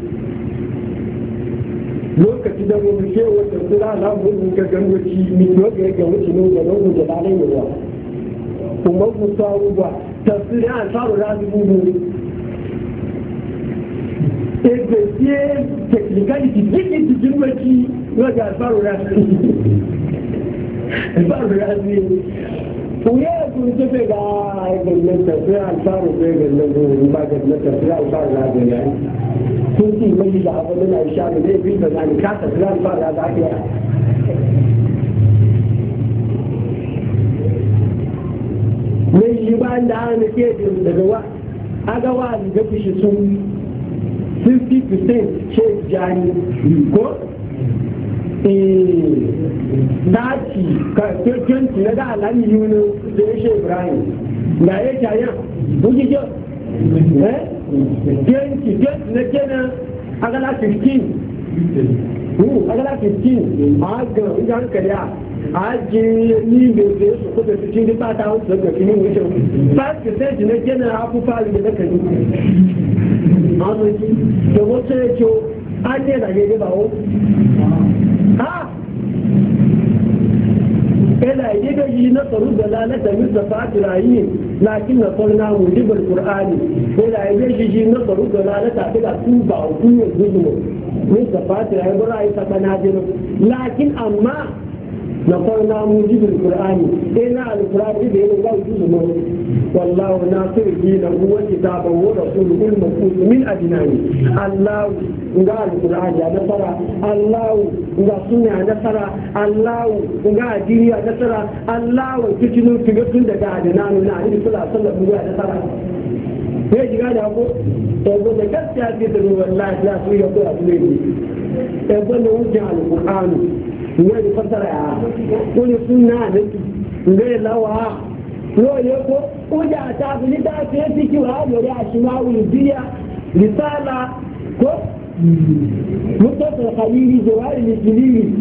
lokaci da wani ke wata tsira na mun ka gangaci mi yoga ya ga wuce ne da nan da está ne ba kuma ku samu ba tafsiri an samu rabi bubu ebe tie technicality dike ti jirwaci yoga samu rabi samu rabi to ya su ce sai ga gallon ta sai an fara sai gallon ko in ba ga gallon ta sai an fara da gallon kun ci mai da abin da ai sha ne bi da an ka ta sai an fara da gallon mai shi ba da an ke da daga wa aga wa ni ga fishi sun 50% ce jani ko naci eh, kirkinci na da alami yuni da ya ibrahim eh, na ya shayen kuki ke genki genki na kenan agala 15 agala 15 a ga ina a je ni da ya su kuka su cikin ba ta wasu daga fini wuce 5% na kenan haku fari da na kari a da wasu ya ce an ne da ya ba ha yi yiga yi na tsaro da lalata min da fatira yi lakin na na mu jibar qur'ani ila yiga yi na tsaro da lalata daga su ba ku ne zuwa min fati fatira yi ba yi ta kana lakin amma نقولنا موجب القرآن إن القرآن إذا يلقى جزء والله ناصر دينه وكتابه ورسوله المنفوذ من أدنانه الله nga alkur'ani a nasara allahu nga sunna a nasara allahu nga addini a nasara allahu kitinu kiga tun daga adinanu na ali sallallahu alaihi wasallam a nasara ne jiga da ko ego da gaskiya ce da wallahi la su ya ko a wuce alkur'ani ìwé ni fassara ya wọ́n ni ne náà ní ìgbé ìlàwọ̀ ha ko yẹ kó ó jà àtàkùn nígbà tí ó ti kí wàá lórí àṣìmáwò ìdíyà rìsáàlà ko. mutasa kalili jawari misilili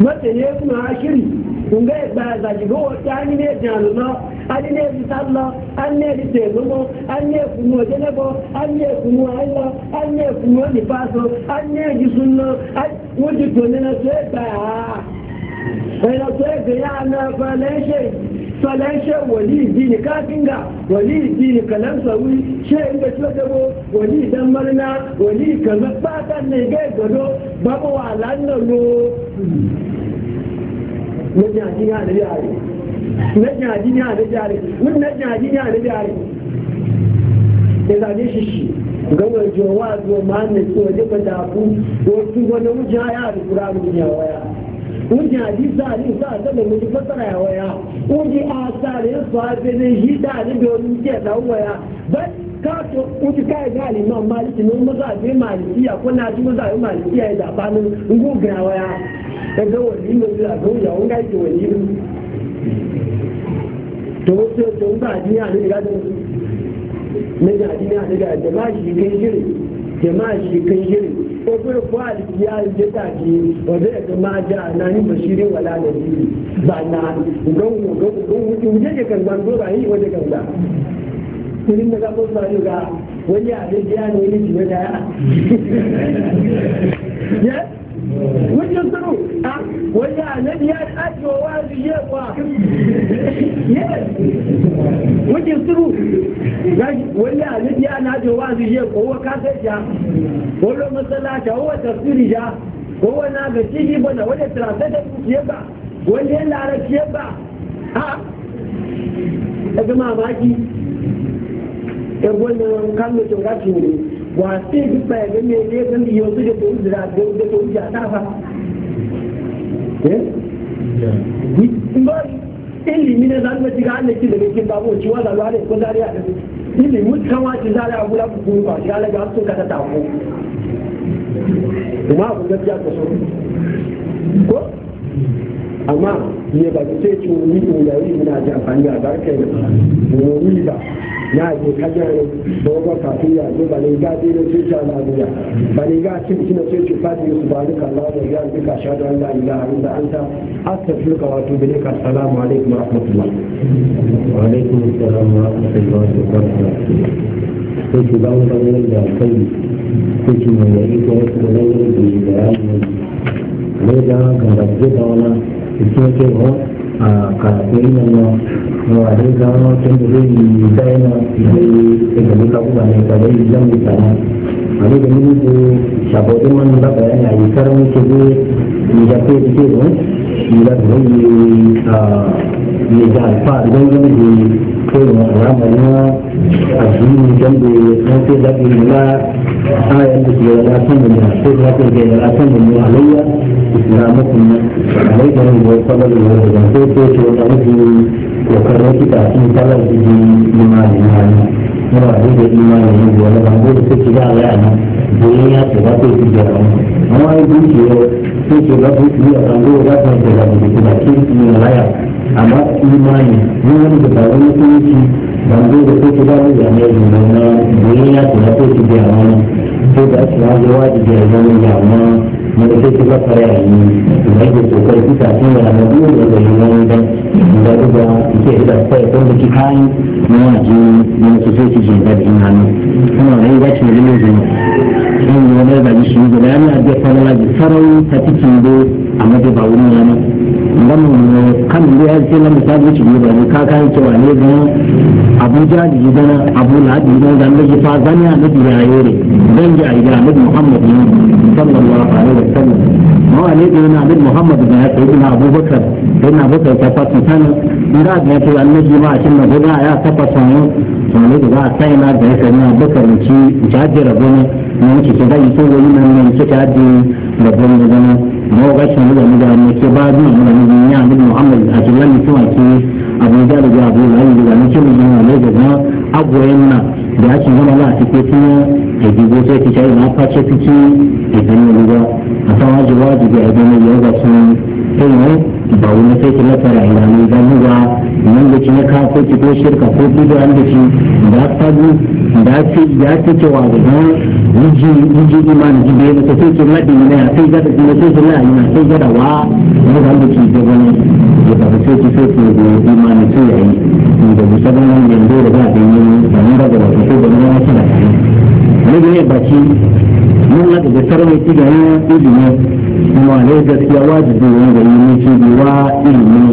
mata ne kuma ashiri kun ga ba za ki ga wata an ne jaluma an ne bisalla an ne bitelumo an ne kuma jenebo an ne kuma aila an ne kuma nifaso an ne jisunno an wuji ne na so ba ai na so ga ya na fa falan she wali dini kafinga wali dini kalan sawi she inda shi dabo wali dan marna wali kaza ba ne ga gado babu walan nan lo na jaji ya da yare na jaji ya da yare mun na jaji ya da yare da zaje shi shi gawar jowa zo ma ne so da ku wasu wani wuja ya da kura mu ya waya wuce a ne sa ta da mutu fasara ya waya wuce a ya sahabe ne shi ta ne da wani ke dan bai ka to wuce kai ga liman maliki ne na a maza be malikiya ya ga waya ya ya ogun kwali ya je ta ki wanda ya ga ja na ni bashirin wala da ni ba na gon gon gon je je kan ban dora yi waje kan da irin da zabo ba ga wani a da ya ne ni ne da ya wajen tsaro a wajen annabi ya ajiye wa wazi yawa wajen tsaro wajen annabi ya ajiye wa wazi yawa wa kasar ja wani masalata wa tafsiri ja wa na ga ciki bana wajen tsirasa da kuciye ba wajen larabciye ba a daga mamaki ya gwanin kan mutum gafi ne wàásù ìgbà ẹ̀gbẹ́ mi ilé ẹgbẹ́ mi yóò tóde tó ń zira àti oúnjẹ tó ń jà náà ngọ́ọ̀lì ilimi ne zan mace ga annaki daga cikin babu ci wanda zuwa da ko zariya da ilimi kan wace zariya a gula kuku ba shi alaga an soka ta tako kuma abu gaskiya ka so ko amma ne ba ki sai ci wani wuri da wuri muna ji amfani da barkai da wuri ba na je kajar da kafin ya zo ba ne ga dai da sai ta na duniya ba ne ga cin cin sai ci fadi su ba duka Allah da ya duka shahadu an la ilaha illa anta astaghfiruka wa atubu ilayka assalamu alaikum wa rahmatullah wa alaikum assalam wa rahmatullahi wa barakatuh sai ki ba mu da da kai sai ki mai yi ko da nan da bayani ne da ga da wala ki ce ko a kafin nan Nuwadi kalau sendiri di China itu tidak bisa bukan yang kau dari jam di sana. Tapi demi itu siapa pun yang tak ada yang di sana mesti di jatuh di sini. Ia boleh di di jalan di dalam di kerumah ramanya. Abi mungkin di nanti lagi mula saya di generasi mula saya di generasi mula alia Islam mula alia dengan beberapa orang yang berjalan terus terus Ya kerana kita Sementara itu di iman iman Orang itu iman iman Dia ada bangun kecil alam Dia sebab itu di dalam Orang itu dia Itu sebab itu dia bangun Rasanya sebab itu Kita kini iman layak Amat iman Iman itu baru itu isi Bangun kecil Dia Dunia sebab itu di dalam Sebab selama dia di dalam Dunia Mereka sebab saya ini Sebab itu kita Sebab itu kita Sebab itu kita da uba ke da sai da kikai mu na ji da in kuma ne ya ce ne ne in ne ne da shi da ya na da fara da sarau ta cikin do amma da ba wani yana dan mu kan da ya ce lamu ta ji ne da ka ne ga Abuja da Abu da da dan ji Muhammad sallallahu alaihi wasallam ma ne da Muhammad da ya ce na ta kan murad ne to annabi ma cin na guda ya kafa sanu to ne guda sai na da sai na duka ne ci jajira gona ne ci ke da yi to ne ne ci ta di da gona gona mo ga sanu da mu da ne ke ba ni ne ya ni Muhammad a cikin ne to ake abu da da abu da yi da ne ci ne ne da agwayen nan da ake zama za a fito kuma da dubo sai ki shayi na face fiki da ganin ruwa a san wajibi wajibi a ganin yau ga sun kai ba wani sai ki rayuwa ne zamu ba nan da ki na ka ko ki ko shirka ko ki da da ki da sabu da ci ya ci cewa da na yiji yiji imani ji da ta sai ki ladi ne sai ga da sai ki na sai ga da wa ne da da ki da wani da ba sai ki sai ki da imani ki yayi da musamman ne da da da ba da nan da ku sai da nan sai da ne ne ba ki mun na da sarwa ki da ilimi mawale gaskiya wajibi wani da yi miki biwa ilimi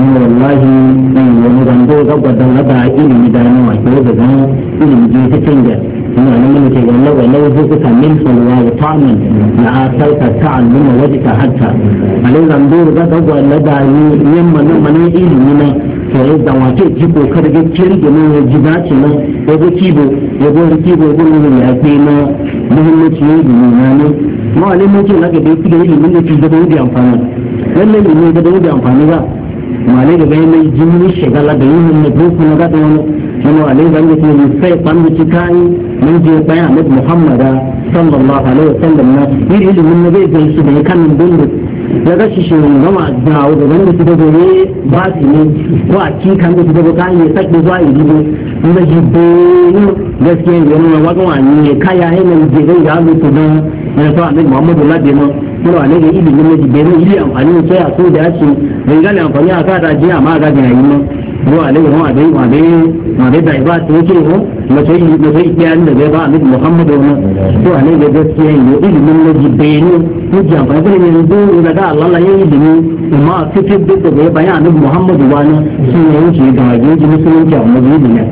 in wallahi in wani zango gabbadan lada ilimi da yana wato da zan ilimi ji ta canja ina nan mun ce wannan wannan zuku ta min salwa wa ta'min la asalka ta'alluma wajika hatta alai zango gabbadan lada yi yamma nan mane ilimi na tare da wato ji kokar gaskiyar da nan ya ji dace nan ya ga kibo ya ga kibo ya ga nan ya kai na muhimmanci ne da nan malamai ke na da su da ilimin da ke gaba wuce amfani lallai ilimin gaba wuce amfani ba malai da bayan mai jini shagala da yi hannun ko kuma ga da wani wani alai ga yake ne sai kwanda ci kai mun je bayan Ahmad Muhammad sallallahu alaihi wasallam na yi ilimin na zai gaisu da kan dundu ya ga shi shi gama da wanda wanda su da gore ba su ne ko a ci kan da su da kai ya sake zuwa yi ne mun ji bo gaskiya yana wa ga wani kaya yana je ya mutu da wani sa annabi muhammadu labe ma kuma a nage ilimi na jibere ili amfani da sai a so da ya ce bai gane amfani a kada je amma a gaji yayi ma ko a nage ma bai ma bai ma bai ba ta yake ko mace mace ikiyan da bai ba annabi muhammadu ma ko a nage gaskiya ne ilimin na jibere ko ji amfani da ne do da ga Allah la yayi ilimi amma fitar duk da bai bayan annabi muhammadu wani shi ne yake da wajen musulunci a mazuni ne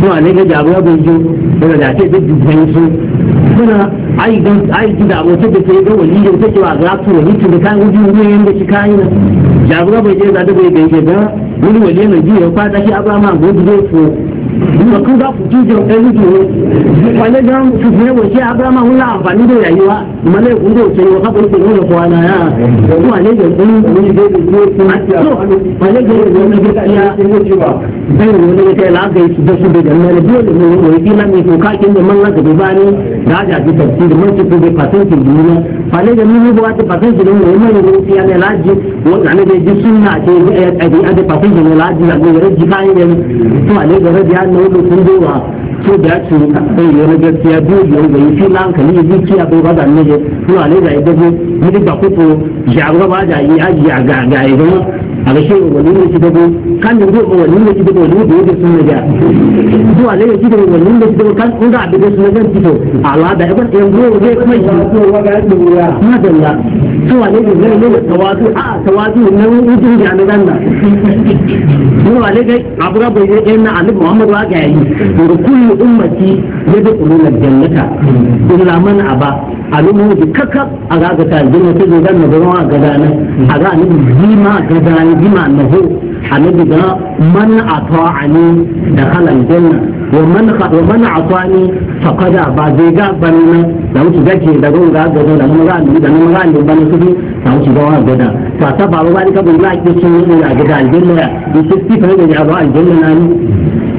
ko a nage jabo bai ji daga da ce duk da su suna ai ga ai gida abota da ke ga wani da take ba za su wani tun kan gudu ne yanda ki kai na jagora bai je da bai ga ga wani wali ne ji ya fada shi abama gudu zai so nǹkan bá kù jíjọ ẹni dùn ìpàlẹ́ gan tuntun ẹ̀wọ̀n ṣé abrahamu ń la àǹfààní lè yàyí wa ìmọ̀lẹ́ ìkú ló ṣe wọn kábọ̀ nípa ìwọ̀n ọ̀pọ̀ àlàyé fún àlejò ìpínlẹ̀ àlejò ìwọ̀n ẹgbẹ́ bayan wani ya kai lagai su da su da jami'a da dole ne wani kila mai toka kin da man laga da bani da ajaji tafsir man su da fasin kirgina fale da mini ba ta fasin shi don mai mai rufi ya laji wanda ne da ji sunna ce a ji a da fasin shi laji da ga raji kai da to ale da ya an nawo sun dewa to da ci sai ya raga tiya biyu da ga shi lan kan yi zuciya ko ba da ne to ale da ya dago mini ba ko ya ba da yi a ga ga ga ala shi wani ne kida go kan ne go wani ne kida go ne da sun ga to ala ne kida wani ne kida kan kun ga da sun ga kito ala da ibn yan go ne kuma shi to wa ga da ya madalla to ala ne ne tawadu a tawadu ne mun yi da ne dan da to ala ga bai ne na ali muhammad wa ga yi kullu ummati yadkhuluna jannata illa man aba alumu di kaka aga ga ta jin ta zo ga nazo a gada nan aga ni jima gada ni jima nazo annabi ga man ata'ani da halal janna wa man wa man ata'ani faqad ba zai ga banna da wuce gaje da gon ga gado da mun ga ni da mun ga ni ban su da wuce ga gada ta ta ba ba ni ka bin la ki sun ni a gada aljanna da shi ki fa ga ya ba aljanna na ni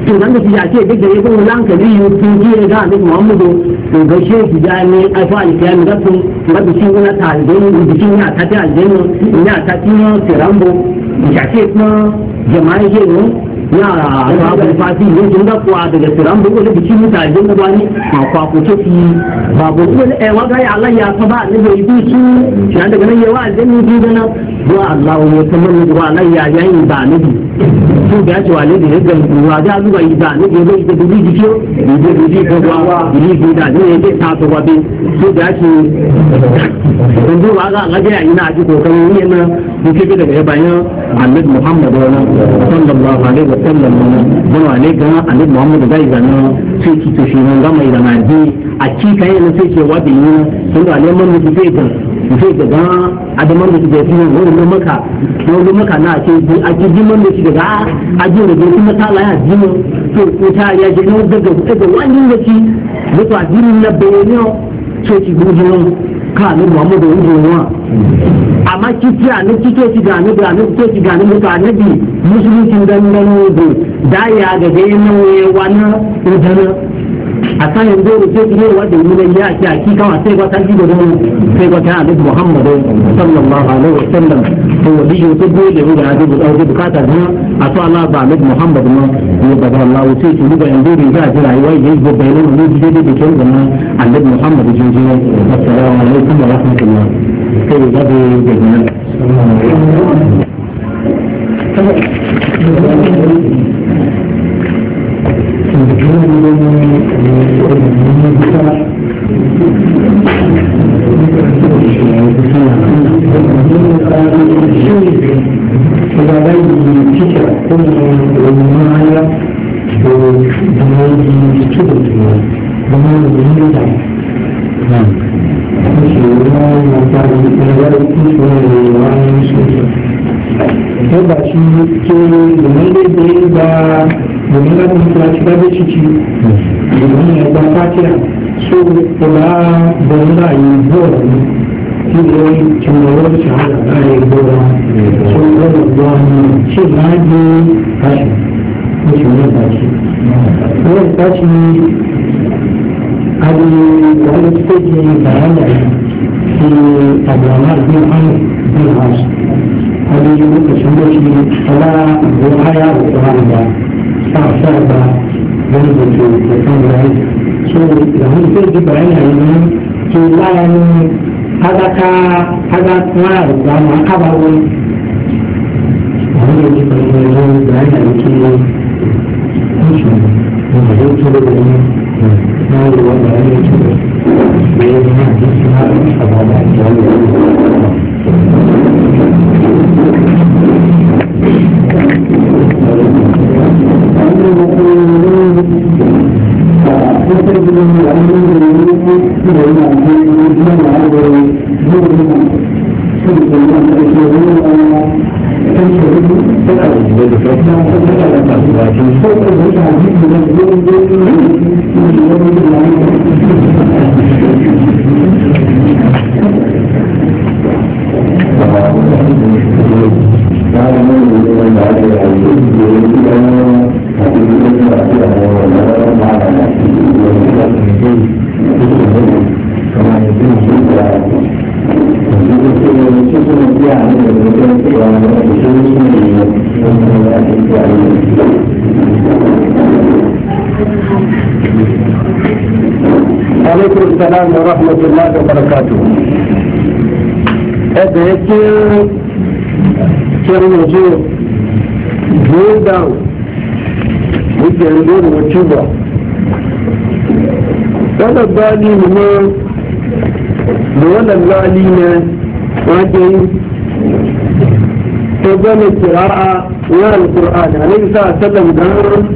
to zan gaci ya ce duk da yake wani hankali yi sun ji ga annabi muhammadu to ga shehu ya ne aifa alkiyam ga sun ga bikin wani talibai bikin ya ta ta aljanna ya ta tiyo tirambo ya ce kuma jama'a ke ne yara a abin ne sun ga kuwa da bikin mutane da bani ma kwa ku ce fi babu wani eh waga ya Allah ya ba ne da yi su shi daga nan a aljanni bi da nan wa Allah ya san mun wa Allah ya yayi ba nabi tó da a ti wà léde ẹgbẹ ìwà ajá lùwà ìdá níbi ẹgbẹ ìdè bíbí ìdíjọ ìdè bíbí ìdọgba ìdí ìdè ta àtọwà bí tó bí a ti ẹgbẹ wà á lájẹ àyín ga àti kòkòrò ní ẹnu ní zai daga adaman da suke fi wani na maka wani maka na ce a ji jiman da shi daga a ji da zai kuma tala ya ji to ko ta ya ji na daga daga wani da shi da to a na bayani to ki gudu nan ka ne Muhammadu wani wa amma kiti a ne kike ki ga ne ga ne kike ki ga ne mutu bi musulunci dan dan da ya ga dai nan wani wani akan yanzu da ke iya wanda yi ne ya ce hakika wa sai wata ji da sai wata hadis Muhammad sallallahu alaihi wa sallam to wani yi da hadis da wani bukata ne a to Allah ba mai Muhammad ne ne ba sai duba ya ji rayuwa yayi da ne da ke Muhammadu kábàámọ̀ gali ne da wannan gali ne wajen ta zama kira'a na alkur'ani a nai sa sallam da